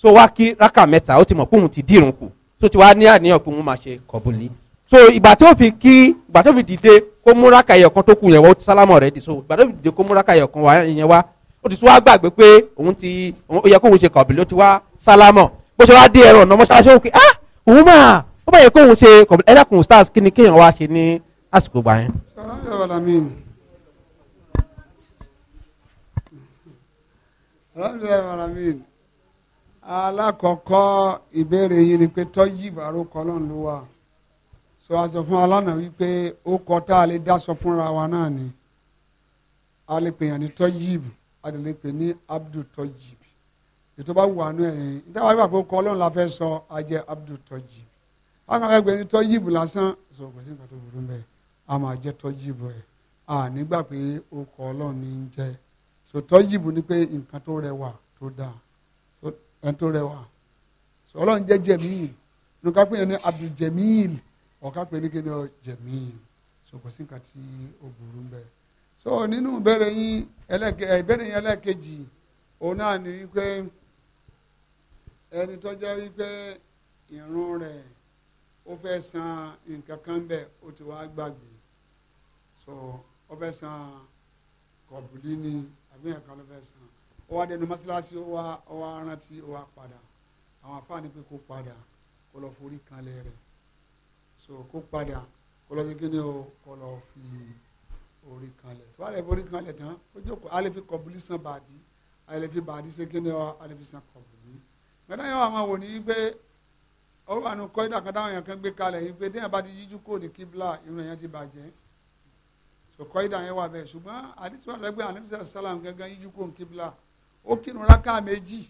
so wá kí rákà mẹ́ta ó ti mọ̀ pé ti dírun kù so ti wá ní àníyàn pé òun máa ṣe kọ̀bùlì so ìgbà tó fi kí ìgbà tó fi dìde kó mú rákà ẹyọ kan tó kù yẹn wá ó ti sálámọ̀ rẹ̀ di so ìgbà tó fi dìde kó mú rákà ẹyọ kan yẹn wá ó ti tún wá gbàgbé pé òun ti ó yẹ kó òun ṣe kọ̀bùlì ó ti wá sálámọ̀ bó ṣe wá dé ẹ̀rọ ọ̀nà mọ́ṣáláṣí ó kì ah, á alhamdulilayi alákọ̀ọ́kọ́ ìbéèrè yìí ni pé tọ́jú ìbárokọ ọlọ́run ló wà so a fún alánà wípé ó kọ tá a lè dá fúnra wa náà ni a lè pè yàn ní a lè pè ní abdul tọ́yìb ètò bá kọ́ la fẹ́ sọ a a máa ní lásán kò sí nǹkan tó burú a máa jẹ́ ẹ̀ à nígbà so tọ́yìbù ni pé nǹkan tó rẹwà tó dáa ẹni tó rẹwà so ọlọ́run jẹ́ jẹ̀míìl nǹka pé yẹn ní abdul jẹ̀míìl ọ̀ka pé ní kíni ọ jẹ̀míìl so kò sí nǹkan tí ó burú bẹ so nínú ìbéèrè yín ẹlẹ́kẹ eh, ìbéèrè yín ẹlẹ́kejì òun náà ní wípé ẹni tó jẹ́ wípé ìrun rẹ̀ ó fẹ́ san nǹkan kan bẹ́ẹ̀ ó ti wá gbàgbé so ó fẹ́ san kọ̀bùlí ni fún yẹn kan ló fẹ́ san ó wá dẹnu mọ́sálásí ó wá ó wá rántí ó wá padà àwọn afáàní pé kó padà kó lọ forí kanlẹ̀ rẹ̀ so kó padà kó lọ sí kí o kó lọ fi orí kanlẹ̀ tó wà lẹ́ forí kanlẹ̀ tán ó jókòó alẹ́ fi kọ̀bùlì san bàdí alẹ́ fi bàdí ṣe kí o alẹ́ fi san kọ̀bùlì mẹ́ta yẹn wà máa wò ní pé ó wà nù kọ́ ìdàkọ́dá àwọn yẹn kan gbé kalẹ̀ yìí pé téèyàn bá ti yíjú kò ní kíbla ìrun yẹn ti bàjẹ́ so kọ́ídà yẹn wà bẹ́ẹ̀ ṣùgbọ́n àdìsí wà lẹ́gbẹ̀ẹ́ ànífíṣẹ́ sálàm gángan yíjú kò ń kíbla ó kínú rákà méjì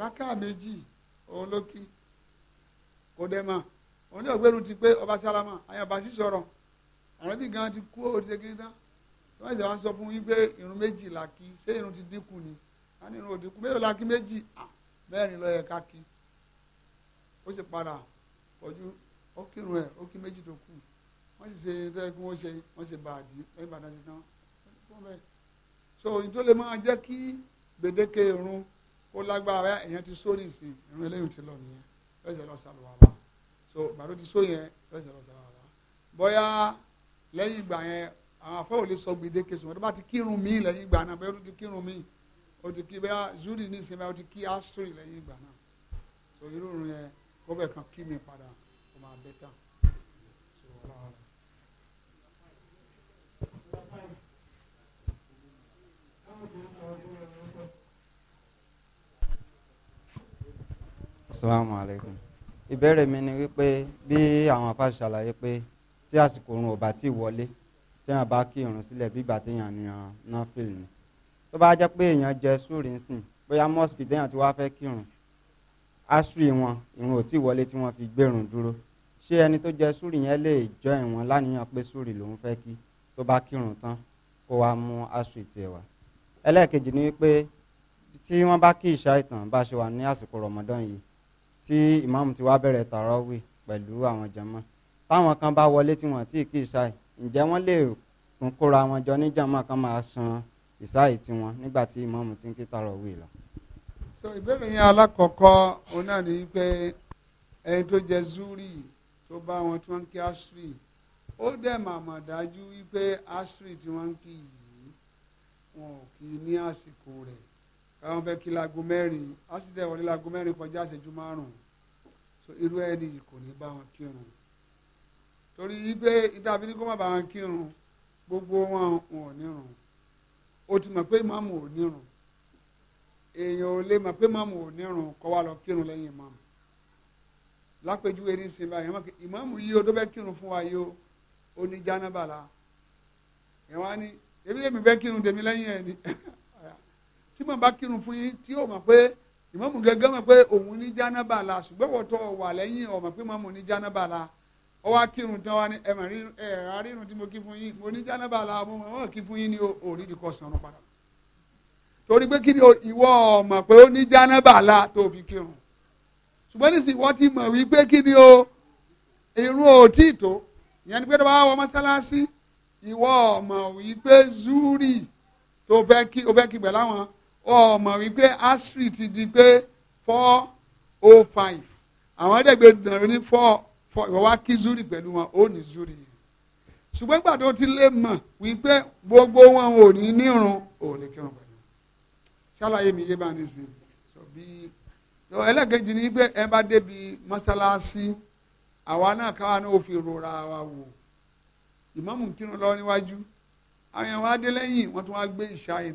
rákà méjì òun ló kí kò dẹ̀ mà òun ní ògbéru ti pé ọba sálámà àyàbá sí sọ̀rọ̀ àwọn bí gan ti kú ó ti ṣe kí tán wọ́n ṣe wọ́n sọ fún yín pé irun méjì la kí ṣé irun ti dínkù ni wọ́n ní irun ò dínkù mélòó la kí méjì mẹ́rin ló yẹ ká kí ó sì padà pọ̀jù ó kírun ẹ̀ ó kí méjì tó kù wọ́n sì ṣe tẹ́ kí wọ́n ṣe wọ́n ṣe bàdí lẹ́yìn bàdá ṣe tán wọ́n bẹ̀. so èyí tó lè máa jẹ́ kí gbèdéke irun ó lágbára èèyàn ti sórí ìsìn irun eléyìí ti lọ nìyẹn lọ́sẹ̀ lọ́sẹ̀ àlùwàlà so bàdó ti só yẹn lọ́sẹ̀ lọ́sẹ̀ àlùwàlà bóyá lẹ́yìn ìgbà yẹn àwọn afẹ́ ò sọ gbèdéke sùn wọ́n bá ti kírun míì lẹ́yìn ìgbà náà bẹ́ẹ̀ ló ti kírun míì ó ti kí bẹ́ẹ̀ Assalamu alaikum ìbéèrè mi ni wípé bí àwọn afa ṣàlàyé pé tí àsìkò oorun ò bá tí ì wọlé tí èèyàn bá kí irun sílẹ̀ bí ìgbà téèyàn ní náfìlì ni tó bá jẹ́ pé èèyàn jẹ súrì ń sìn bóyá mọ́sìkì téèyàn ti wá fẹ́ kírun asiri wọn irun ò tí ì wọlé tí wọ́n fi gbérun dúró ṣé ẹni tó jẹ súrì yẹn lè jọ ìwọ̀n láníyàn pé súrì lòún fẹ́ kí tó bá kírun tán kó wá mú asiri tiẹ̀ wá ẹlẹ́ẹ̀kejì ni wípé tí wọ́n bá kí ìṣá ìtàn bá ṣe wà ní àsìkò rọ̀mọ́dán yìí tí ìmáàmù ti wá bẹ̀rẹ̀ tàràwì pẹ̀lú àwọn jàmá táwọn kan bá wọlé tí wọ́n ti kí ìṣáì ǹjẹ́ wọ́n lè tún kóra wọn jọ ní jàmá kan máa san ìṣáì tiwọn nígbà tí ìmáàmù ti ń kí tàràwì lọ. so ìbéèrè yẹn alákọ̀ọ́kọ́ òun náà ní pé ẹni tó jẹ zúrì tó bá wọn tí wọ́n ń kí asri ó dẹ̀ màmá dájú wípé asri tí wọ́n ń kí yìí wọn ò kì í ní àsìkò rẹ̀ àwọn fẹ́ kí laago mẹ́rin á sì tẹ̀ wọlé laago mẹ́rin kọjá ìṣẹ́jú márùn-ún so irú ẹni yìí kò ní bá wọn kírun torí wípé ìtàbí ní kó má bá wọn kírun gbogbo wọn wọn ò nírun o ti mọ̀ pé ìmáàmù ò nírun èèyàn ò lè mọ̀ pé ìmáàmù ò nírun kọ́ wa lọ kírun lẹ́yìn ìmáàmù lápèjúwe ní sin báyìí ìmáàmù yìí o tó fẹ́ kírun fún wa yìí o ó ní jánábàlà ẹ̀ wá ní ebi èmi fẹ́ kírun tèmi lẹ́yìn ẹ̀ ni tí màá bá kírun fún yín tí yóò mọ̀ pé ìmáàmù gẹ́gẹ́ mọ̀ pé òun ní jánábà la ṣùgbọ́n wọ́n tọ́ wà lẹ́yìn ọ̀mọ̀ pé màmú ní jánábà la ọ wá kírun tán wá ní ẹ̀ màrí ẹ̀ rárírun tí mo kí fún yín mo ní jánábà la mo mọ̀ kí fún yín ní òòrí ti kọ́ sànù padà torí pé kí ni ìwọ ọ̀mọ̀ pé ó ní jánábà la tó fi kírun ṣùgbọ́n ní sìn wọ́n ti mọ̀ wípé kí ni o irun ò tí ì tó ìyẹn ni pé tó wọ mọ́sálásí ìwọ ọ̀mọ̀ wípé zúrì tó fẹ́ kí pẹ̀láwọn ọ mọ̀ wípé asiri ti di pé four oh five àwọn ẹ̀ẹ́dẹ́gbẹ́ dàrú ní four four ìwọ wá kí zuri pẹ̀lú wọn ó ní zuri yẹn ṣùgbọ́n ìgbà tó ti lè mọ̀ wípé gbogbo wọn ò ní nírun ò lè kírun pẹ̀lú ṣàlàyé mi yé bá ní sí i ẹlẹ́kejì ni pé ẹ bá débi mọ́sálásí àwa náà káwa náà ó fi rora wa wò ìmáàmù kírun lọ níwájú àwọn èèyàn wa dé lẹ́yìn wọ́n tún wá gbé ìṣá yìí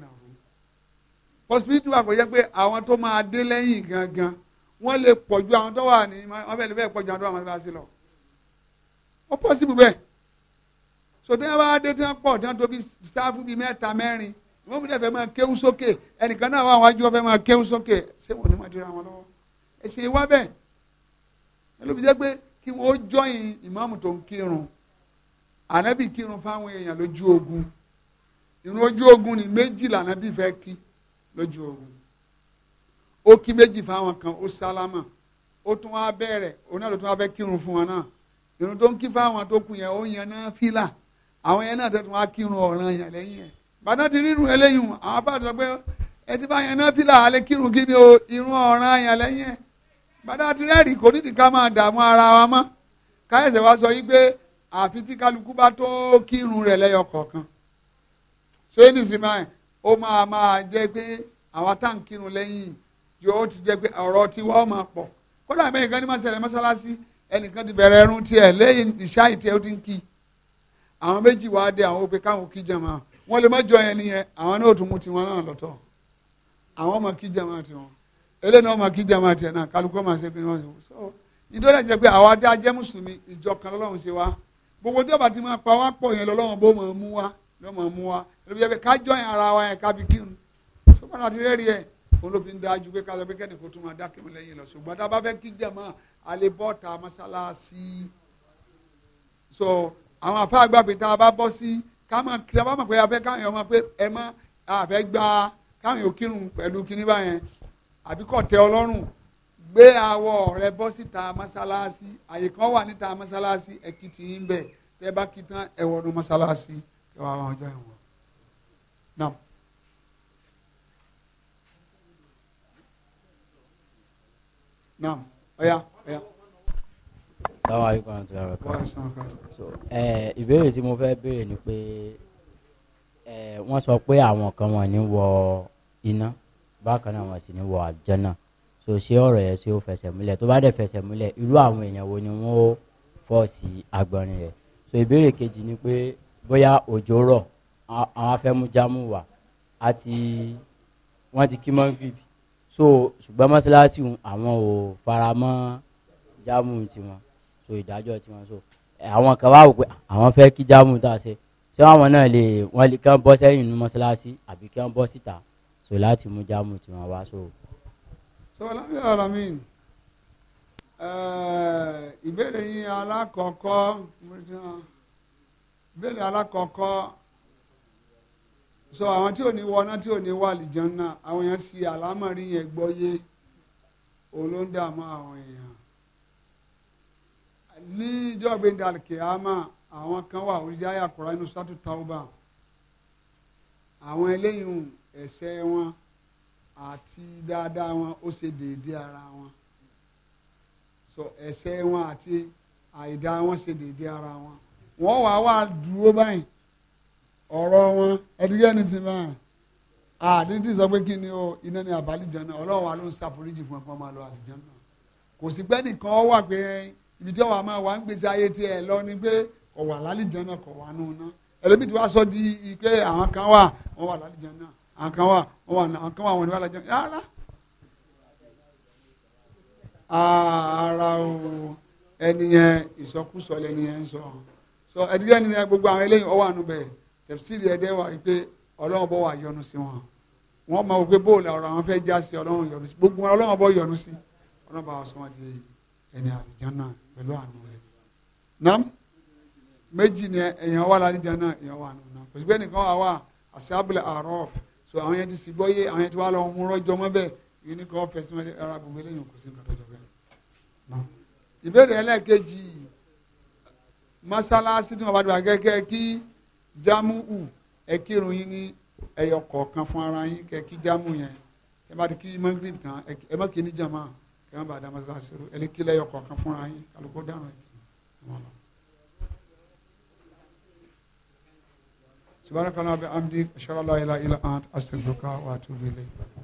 hospital wà kó jẹ́ pé àwọn tó máa dé lẹ́yìn gangan wọ́n lè pọ̀ ju àwọn tó wà ní wọ́n bẹ̀rẹ̀ bẹ́ẹ̀ pọ̀ ju àwọn tó wà mọ́sálásí lọ ó pọ́sibú bẹ́ẹ̀ so tí wọ́n bá dé tí wọ́n pọ̀ tí wọ́n tóbi sáfù bíi mẹ́ta mẹ́rin wọ́n mú dẹ́fẹ̀ máa kéwú sókè ẹnìkan náà wà wájú ọ̀fẹ́ máa kéwú sókè ṣé wọ́n ní máa dira wọn lọ́wọ́ ẹ wá bẹ́ẹ̀ ẹ jẹ́ pé kí wọ́n jọyìn ìmáàmù tó ń kírun ànábì kírun fáwọn èèyàn lójú ogun ìrun ojú ogun ni méjìlá ànábì fẹ́ kí lójú ogun ó kí méjì fáwọn kan ó sálámà ó tún wá bẹ̀rẹ̀ òun náà ló tún wá fẹ́ kírun fún wọn náà irun tó ń kí fáwọn tó kù yẹn ó yan náà fílà àwọn yẹn náà tó tún wá kírun ọ̀ràn yẹn lẹ́yìn ẹ̀ bàtà ti rírun eléyìí àwọn bá sọ pé ẹ ti bá yan náà fílà alẹ́ kírun kí ni o irun ọ̀ràn yẹn lẹ́yìn ẹ̀ bàtà ti rẹ́ẹ̀rì kò nídìí ká máa dààmú ara wa mọ́ káyọ̀sẹ̀ wa sọ yí pé àfi tí kálukú bá tó kírun rẹ̀ lẹ́yọ kọ̀ọ̀kan ṣé ní sinmi ó máa máa jẹ́ pé àwọn táǹkìrù lẹ́yìn yóò ti jẹ́ pé ọ̀rọ̀ tiwa ó máa pọ̀ kódà bẹ́ẹ̀ nǹkan ní máa ṣẹlẹ̀ mọ́ṣáláṣí ẹnìkan ti bẹ̀rẹ̀ ẹrun tiẹ̀ lẹ́yìn ìṣáì tiẹ̀ ó ti ń kí àwọn méjì wá dé àwọn òpè káwọn kí jàmá wọn lè má jọ yẹn nìyẹn àwọn náà tún mú tiwọn náà lọ́tọ̀ àwọn ọmọ kí jàmá tiwọn eléyìí náà ọmọ kí jàmá tiẹ̀ náà kálukú ọmọ ṣe pé wọ́n ṣe so ìdọ́lá jẹ́ pé àwa dá jẹ́ mùsùlùmí ìjọ kan lọ́lọ́run ṣe wá gbogbo tí ọba ti máa pa wá pọ̀ yẹn lọ́lọ́run bó máa mú wá yóò máa mú wa ẹni bí yẹ pé ká jọyìn ara wa yẹn ká fi kírun sọ́kàtà ti rẹ́ẹ̀rì yẹn olófin dájú pé ká sọ pé kẹ́nìkan tó máa dákẹ́ wọn lẹ́yìn lọ ṣùgbọ́n tá a bá fẹ́ kí jẹ̀mọ́ alẹ́ bọ́ ta mọ́sálásí so àwọn afá àgbàgbé tá a bá bọ́ sí ká máa kí a bá mọ̀ pé a fẹ́ káwọn ọmọ pé ẹ mọ́ àfẹ́ gba káwọn yóò kírun pẹ̀lú kíní báyẹn àbí kò tẹ́ ọlọ́run gbé àwọ̀ rẹ bọ́ síta mọ́sálásí àyè kan wà níta mọ́sálásí ẹ̀kìtì yín bẹ̀ tẹ́ bá kí tán ẹ̀wọ̀n mọ́sálásí kí wàá wọn jọ ìwọ náà. naam ọ̀yá ọ̀yá. so ìbéèrè tí mo fẹ́ béèrè ni pé wọ́n sọ pé àwọn kan wọ́n ní wọ iná bákan náà wọ́n sì ní wọ àlùjánnà so ṣé ọ̀rọ̀ yẹn ṣé ó fẹsẹ̀ múlẹ̀ tó bá dẹ̀ fẹsẹ̀ múlẹ̀ irú àwọn èèyàn wo ni wọ́n ó fọ́ sí agbọ́nrin rẹ̀ so ìbéèrè kejì ni pé bóyá òjò rọ̀ àwọn afẹ́mujámù wà àti wọ́n ti kí mọ́gìrìbì so ṣùgbọ́n mọ́ṣáláṣí àwọn ò fara mọ́ jámù tiwọn so ìdájọ́ tiwọn so àwọn kan wá wò pé àwọn fẹ́ kí jámù tá a ṣe ṣé àwọn náà lè wọ́n lè kàn bọ́ sẹ́yìn inú mọ́ṣáláṣí àbí kàn bọ́ síta so láti mú jámù tiwọn wá so. so lábẹ́ ọ̀rọ̀ mi eh, ìbéèrè yín alákọ̀ọ́kọ́ mo ti hàn ìbéèrè alákọ̀ọ́kọ́ sọ àwọn tí ò ní wọná tí ò ní wà lìjánná àwọn èèyàn sì àlámọ̀rí yẹn gbọ́yé òun ló ń dààmú àwọn èèyàn ní ìjọba àlùkìyámà àwọn kan wà orí jáyà kọ̀ọ̀rọ̀ inú sátú tauba àwọn eléyìí ẹ̀ṣẹ̀ wọn àti dáadáa wọn ó ṣe déédéé ara wọn so ẹ̀ṣẹ̀ wọn àti àìdá wọn ṣe déédéé ara wọn wọ́n wá wá dúró báyìí ọ̀rọ̀ wọn ẹ̀dígẹ́ ní sinmi àdídì sọ pé kí ni o iná ni àbálìjàn náà ọlọ́run wa ló ń ṣàforíjì fún ẹ fún ọmọ àlọ́ àlìjàn náà kò sí pé nìkan wà pé ibi tí ọwọ́ àmọ́ wa ń gbèsè ayé tiẹ̀ lọ ni pé kò wà lálìjàn náà kò wà nù náà ẹlẹ́bí tí wàá sọ di pé àwọn kan wà wọ́n wà lálìjàn náà àwọn kan wà àwọn kan wà wọ́n ní wà lálìjàn rárá ara o ẹni yẹn ìsọkúsọ lẹni yẹn ń sọ so ẹdíjẹ ní gbogbo àwọn eléyìí ọwọ àánú bẹ́ẹ̀ tẹfsiri ẹdẹ wà pé Ọlọ́run bọ wà yọ́nú sí wọn wọn máa wò pé bóòlù ọ̀rọ̀ àwọn fẹẹ já sí Ọlọ́run yọ́nú sí gbogbo Ọlọ́run bọ yọ́nú sí Ọlọ́run bá wà sọ wọn di ẹni àlùjáná pẹ̀lú àánú rẹ̀ nam méjì ni èèyàn wà lálùjáná èèyàn wà nù náà kò sí pé nìkan wà wà àṣẹ abúlé so àwọn yẹn ti sì gbọ́ yé àwọn yẹn ti wà lọ mú rọjò mọ́ bẹ́ẹ̀ yìí ìbéèrè ẹlẹ́ẹ̀kejì yìí mọ́sálásí tí wọ́n bá dùn akẹ́kẹ́ kí jámùú ẹ kírun yín ní ẹyọ kọ̀ọ̀kan fún ara yín kẹ́ kí jámùú yẹn ẹ bá ti kí mọ́gírìbì tán ẹ má kí ní jàmá kẹ́ wọ́n bá dá mọ́sálásí rú ẹ lè kí lẹ́yọ kọ̀ọ̀kan fún ara yín kálukó dáràn ẹ̀ سبحانك اللهم وبحمدك اشهد ان لا اله الا انت استغفرك واتوب اليك